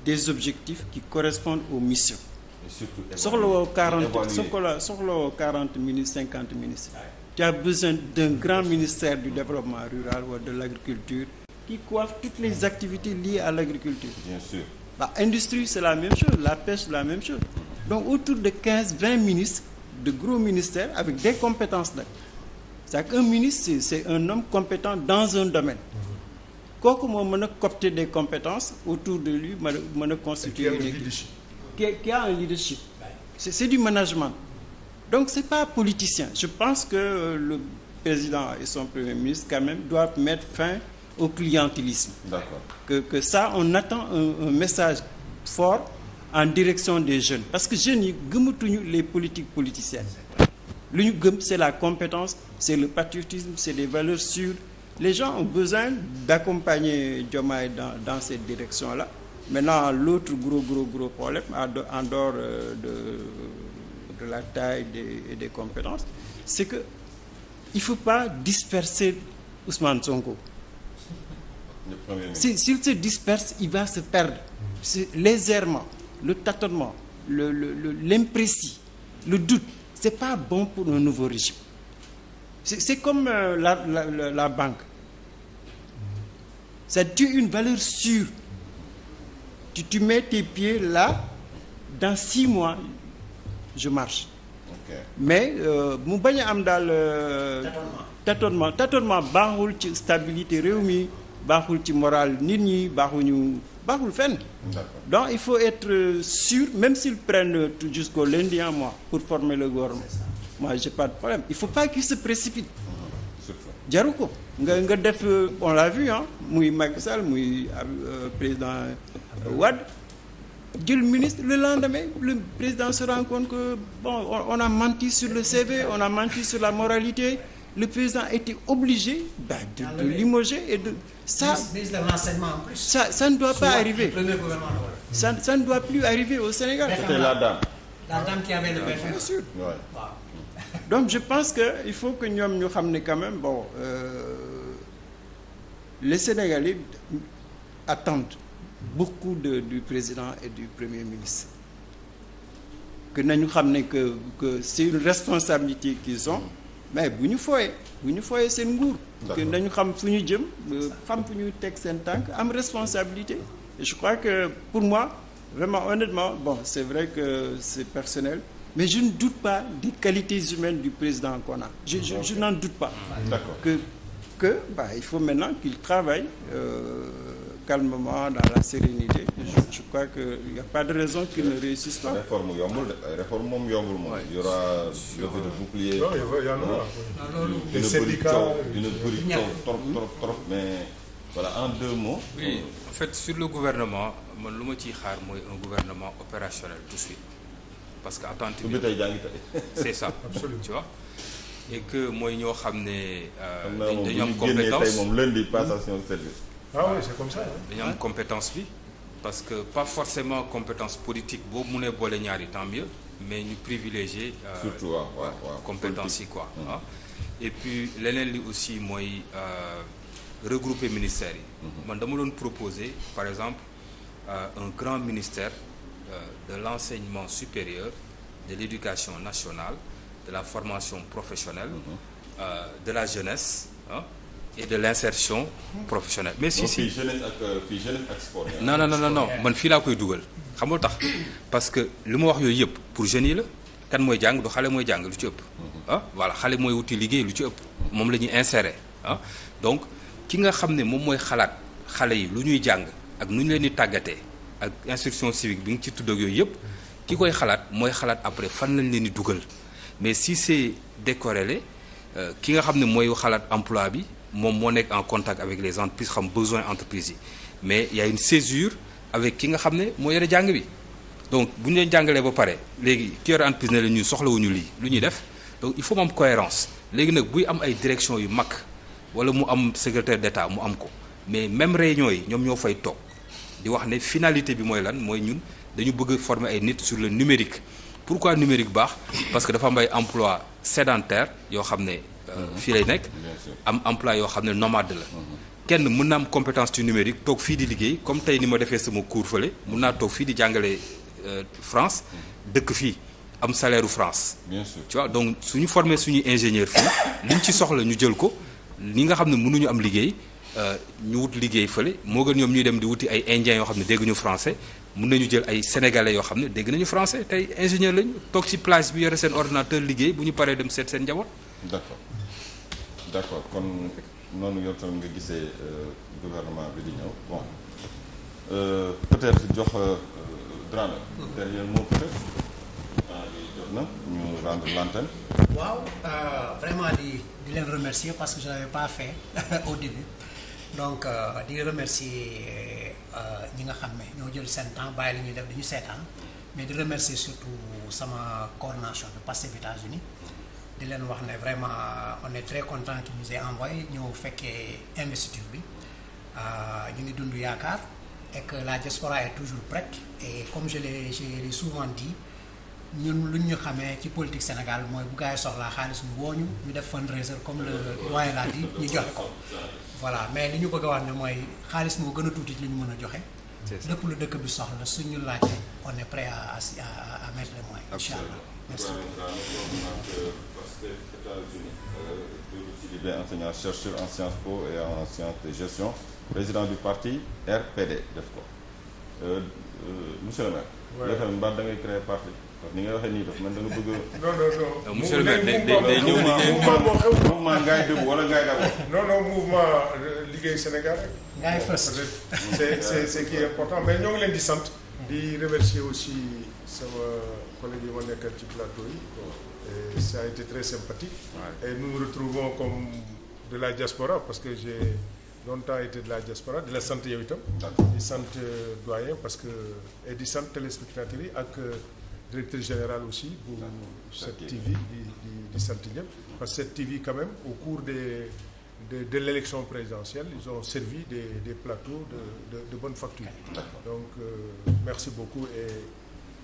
des objectifs qui correspondent aux missions soxla woo quarante soxla quarante ministres cinquante ministres tu as besoin d'un grand ministère du développement rural ou de l'agriculture qui coiffe toutes les activités liées à l'agriculture. Bien sûr. Bah, industrie, c'est la même chose, la pêche, la même chose. Donc autour de 15, 20 ministres, de gros ministère avec des compétences là. C'est-à-dire qu'un ministre, c'est un homme compétent dans un domaine. kooku moo mën a copter des compétences autour de lui mën a mën a constituer qui a un leadership c'est du management Donc c'est pas politicien. Je pense que euh, le président et son premier ministre quand même doivent mettre fin au clientélisme. D'accord. Que, que ça, on attend un, message fort en direction des jeunes. Parce que jeunes yi gëmatuñu les politiques politiciennes. lu ñu gëm c'est la compétence c'est le patriotisme c'est des valeurs sûres. Les gens ont besoin d'accompagner jomai dans, dans cette direction-là. Maintenant, l'autre gros gros gros problème en dehors euh, de de la taille des, des compétences, c'est que il faut pas disperser Ousmane Sonko. S'il si, se disperse, il va se perdre. Les errements, le tâtonnement, l'imprécis, le, le, le, le doute, c'est pas bon pour un nouveau régime. C'est comme euh, la, la, la, banque. Ça tue une valeur sûre. Tu, tu mets tes pieds là, dans six mois, je marche. Okay. mais euh, mu bañ a am daal. Euh, tatonement tâtonnement baaxul ci stabilité réew mi baaxul ci moral nit ñi baaxuñu baaxul fenn. donc il faut être sûr même s'ils prennent jusqu'au lundi un mois pour former le gouvernement. moi j'ai pas de problème il faut pas qu'ils se précipitent. Mmh. jaru ko nga nga def euh, on l'a vu muy Macky Sall muy président Wade. jël ministre le lendemain le président se rend que bon on a menti sur le CV on a menti sur la moralité le président était obligé bah, de, limoger et de ça ministre en plus ça ça ne doit pas arriver ça ça ne doit au Sénégal la dame la dame donc je pense que il faut que ñoom ñu xam ne quand même bon euh, les attendent beaucoup de du président et du premier ministre que nañu xam ne que que c'est une responsabilité qu'ils ont mais bu ñu fooyee bu ñu fooyee seen nguur que nañu xam fu ñu jëm euh, xam fu ñu teg seen tànk am responsabilité je crois que pour moi vraiment honnêtement bon c'est vrai que c'est personnel mais je ne doute pas des qualités humaines du président qu'on a je, je, je n'en doute pas d'accord que il faut maintenant qu'il travaille euh, calmement, dans la sérénité. Je, je crois qu'il n'y a pas de raison qu'il ne réussisse pas. Réforme yombul, euh, réforme yombul. Ouais. Il y aura le de bouclier. Non, il y en aura. Des euh, trop, trop, trop, mais voilà, en deux mots. Oui, en fait, sur le gouvernement, man lu ma ciy xaar mooy un gouvernement opérationnel tout de suite parce que attente bi c'est ça. absolument tu et que mooy ñoo xam ne. Euh, dañu am compétence moom lundi passation service. ah oui c'est comme ça dañu am compétence bi parce que pas forcément compétence politique boo mënee boole ñaari tant mieux mais ñu privilégier euh, surtout waaw waaw compétence yi quoi mm. ah et puis leneen li aussi mooy euh, regrouper ministères yi mm-hmm. man dama doon proposer par exemple euh, un grand ministère de l'enseignement supérieur de l'éducation nationale de la formation professionnelle mm-hmm. de la jeunesse ah et de l'insertion professionnelle. mais si si jeunesse ak euh, fii jeunesse ak sport. non man fii laa koy dugal xam nga tax parce que li ma wax yooyu yëpp pour jeunes yi la kan mooy jàng du xale mooy jàng lu ci ëpp. Mhm. ah xale mooy wuti liggéey lu ci ëpp moom la ñuy insérer ah donc ki nga xam ne moom mooy xalaat xale yi lu ñuy jàng ak nu ñu leen di tàggatee ak instruction civique bi nga ci tudd yooyu yëpp ki koy xalaat mooy xalaat après fan lañ leen di dugal mais si c'est décorrélé euh, ki nga xam ne mooy xalaat emploi bi. moom moo nekk en contact avec les entreprises xam besoin entreprises yi mais y a une césure avec ki nga xam ne moo yore jàng bi donc bu ñu jàngalee ba pare léegi ki yore entreprise ne la ñun soxlawuñu lii lu ñuy def il faut mu am cohérence léegi nag buy am ay direction yu mag wala mu am secrétaire d'État mu am ko mais même réunion yi ñoom ñoo fay toog di wax ne finalité bi mooy lan mooy ñun dañu bëgg former ay nit sur le numérique pourquoi numérique baax parce que dafa am emploi sédentaire yoo xam ne Euh, fii lay nekk am emploi yoo xam ne nomade la kenn mën na am compétence ci numérique toog fii di liggéey comme tey ni ma defee sama cours fële mën naa toog fii di jàngale euh, France dëkk fii am salaire France bien sûr tu vois donc suñu formé suñuy ingénieur fii liñ ci soxla ñu jël ko ni nga xam ne mënuñu am liggéey euh, ñu wut liggéey fële moo gën ñoom ñuy dem di wuti ay indiens yoo xam ne dégg ñu français mën nañu jël ay sénégalais yoo xam ne dégg nañu français tey ingénieur lañu bi yore seen ordinateur liggéey bu ñu paree dem seet seen njaboot d'accord d' kon noonu yow tam nga gisee euh, gouvernement bi di ñëw bon euh, peut-être jox euh, Dramé. Hmm. dernier mot peut ah, ñu rendre l'antenne. waaw euh, vraiment di di leen remercier parce que je l'avais pas fait au début donc di euh, remercier ñi nga xam ne ñoo jël seen temps bàyyi la ñuy def dañu seetaan mais di remercier surtout sama coordination de Pastef États-Unis di leen wax ne vraiment on est très content que nous ait envoyé ñëw fekkee investiture bi euh, ñu ngi dund yaakaar et que la diaspora est toujours prête et comme je l'ai je ñun lu ñu xamee ci politique Sénégal mooy bu soxla yi soxlaa xaalis ñu woo ñu ñu def fundraiser comme le doyen l'a dit ñu joxe ko. voilà mais li ñu bëgg wax ne mooy xaalis moo gën a tuuti li ñu mën a joxe. lépp lu dëkk bi soxla suñu laajte on est prêt à à à mettre les moyens. allah merci. États-Unis eh, enseignant chercheur en Sciences Po et en sciences de gestion président du parti RPD def ko eh, eh, monsieur le maire. waaw nga xam mbaat da ngay créer parti ni ngay waxee nii daf man da bëgg non non non monsieur le maire day day liggéey mouvement xew mouvement ngaay dëgg wala ngaay d'abord non non mouvement euh, liggéey Sénégal rek ngaay fas c'est c'est c'est important mais ñoo ngi leen di sant mm. di remercier aussi sama collègue yi ma nekkal ci plateau yi Et ça a été très sympathique. Et nous retrouvons comme de la diaspora, parce que j'ai longtemps été de la diaspora, de la santé yow itam. di sant doyen parce que et di sant téléspectateurs yi ak euh, directeur général aussi bu cette TV di di di parce que cette TV quand même au cours des de de l'élection présidentielle ils ont servi des des plateaux de de de bonne facture. donc euh, merci beaucoup et.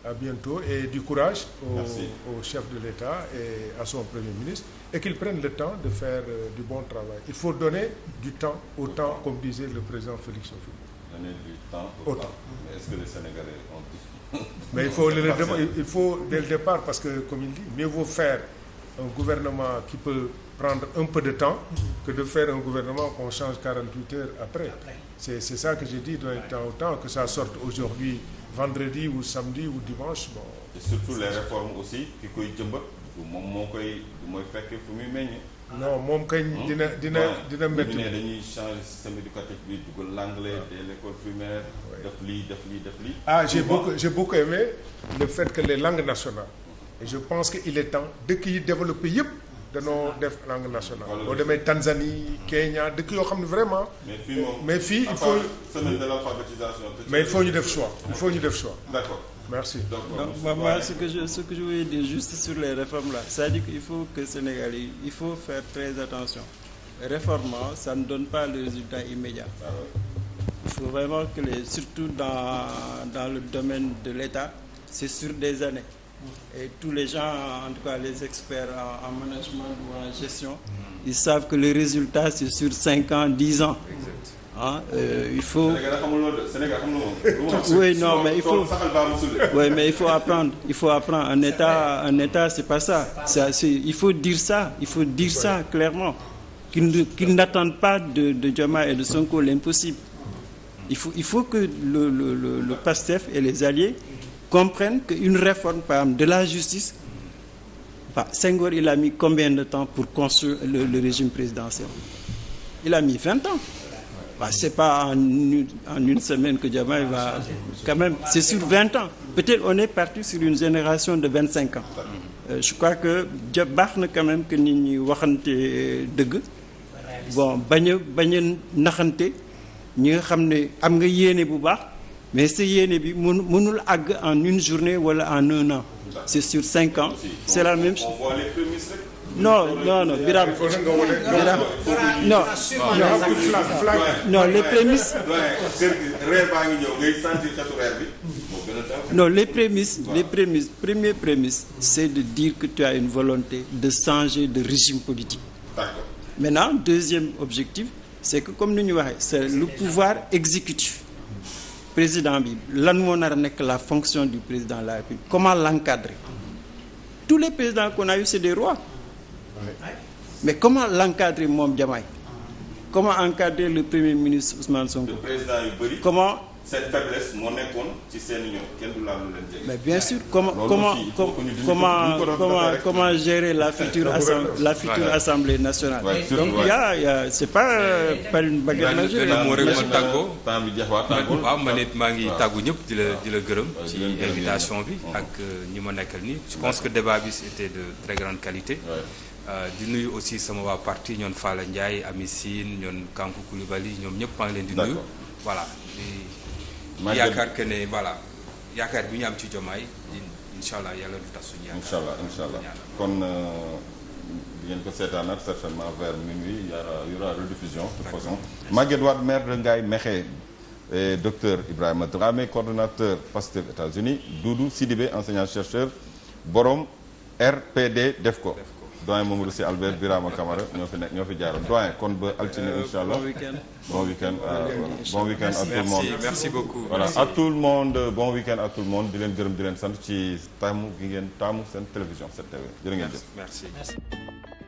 à bientôt et du courage au, au chef de l'État et le temps de faire euh, du faut donner du temps au, au temps, le président Félix Houphouët. Donner au, au temps. temps. Est-ce que faut, le, le, parce que comme il dit, mieux vaut faire un gouvernement qui peut prendre un de temps que de faire un gouvernement qu'on change 48 heures après. après. C'est ça que j'ai dit, donner au temps, que vendredi ou samedi ou dimanche bon. et surtout les réformes aussi ki koy jëmbat du moom moo koy du mooy fekkee fu muy meññ. non moom kañ hmm? dina dina dina métti. bu dañuy changer système éducatif bi dugal l'anglais ah. dès l'école primaire. def lii def lii def lii. ah j'ai beaucoup j'ai beaucoup aimé le fait que les langues nationales. je pense que il est temps dëkk yi développé yëpp. danoo def langue nationale. boo demee Tanzanie Kenya dëkk yoo xam ne vraiment. mais fi moom mais fii il faut. semaine mais il faut ñu def choix il faut ñu def choix. merci. donc moi, moi ce que je ce que je voulais dire juste sur les réformes là cest que Sénégal il faut faire très attention réformant ça ne donne pas le résultat immédiat. Ah il faut vraiment que les surtout dans dans le domaine de l'État c'est sur des années. Et tous les gens, en tout cas les experts en, en management ou en gestion, ils savent que les résultats, c'est sur 5 ans, 10 ans. Exact. ah euh, il faut. oui non mais il faut oui mais il faut apprendre il faut apprendre un état un état c'est pas ça c'est il faut dire ça il faut dire ça clairement qu'ils qu'ils n'attendent pas de de Diomaye et de Sonko l'impossible il faut il faut que le le le, le PASTEF et les alliés comprennent qu'une réforme, par exemple, de la justice, bah, Senghor, il a mi combien de temps pour construire le, le régime présidentiel Il a mis 20 ans. Bah, c'est pas en, une semaine que Diomaye va... Quand même, c'est sur 20 ans. Peut-être on est parti sur une génération de 25 ans. Euh, je crois que baax na quand même que nit ñi waxante dëgg bon bañ a naxante ñi nga xam ne am nga yéene bu baax mais sa yéene bi mun mënul àgg en une journée wala en un an c'est sur cinq ans c'est la même chose non non non Birame Birame non non les prémices non les prémices les prémices première c'est de dire que tu as une volonté de changer de régime politique maintenant deuxième objectif c'est que comme ni ñu waxee c'est le pouvoir exécutif président bi lan moo nar a nekk la fonction du président la République comment l'encadrer tous les présidents qu'on a eu c'est des rois mais comment l'encadrer moom Diomaye comment encadrer le premier ministre Ousmane Sonko comment cette faiblesse moo nekkoon ci seen union kenn du laal lu leen jege. mais bien sûr comment comment comment comment comment gérer la future assemblée la future assemblée nationale. donc y a y a c'est pas par une baguette magique. moo rek ma tàggoo temps bi jeex waa tàggoo waaw man it maa ngi tàggu ñëpp di la di la gërëm. ci invitation bi ak euh, ñi ma nekkal nii. je pense que débat bi c'était de très grande qualité. Euh, di nuyu aussi sama waa parti ñoom Fala Ndiaye Amy Sine ñoom Kankou Koulibaly ñoom ñëpp maa ngi leen di nuyu. voilà yaakaar que ne yaakaar bi ñu am ci jomaay incha allah yàlla du tas suñu allah incha allah kon euh, di ngeen ko seetaanaat certainement vers minuit y aura y aura rediffusion de toute façon. Maguette maire de Ngaye docteur Ibrahima Dramé coordonnateur Pastef États-Unis Doudou Sidibé enseignant chercheur borom RPD def ko. doyen Mamadou Sy Albert a Camara ñoo fi nekk ñoo fi jaaroon doyen kon ba altine euh, incha allah bon week-end bon week-end euh, bon week-end à tout le monde à tout le monde bon week-end à tout di leen gërëm di leen sant ci taamu gi ngeen taamu seen télévision 7TV jërë ngeen jëf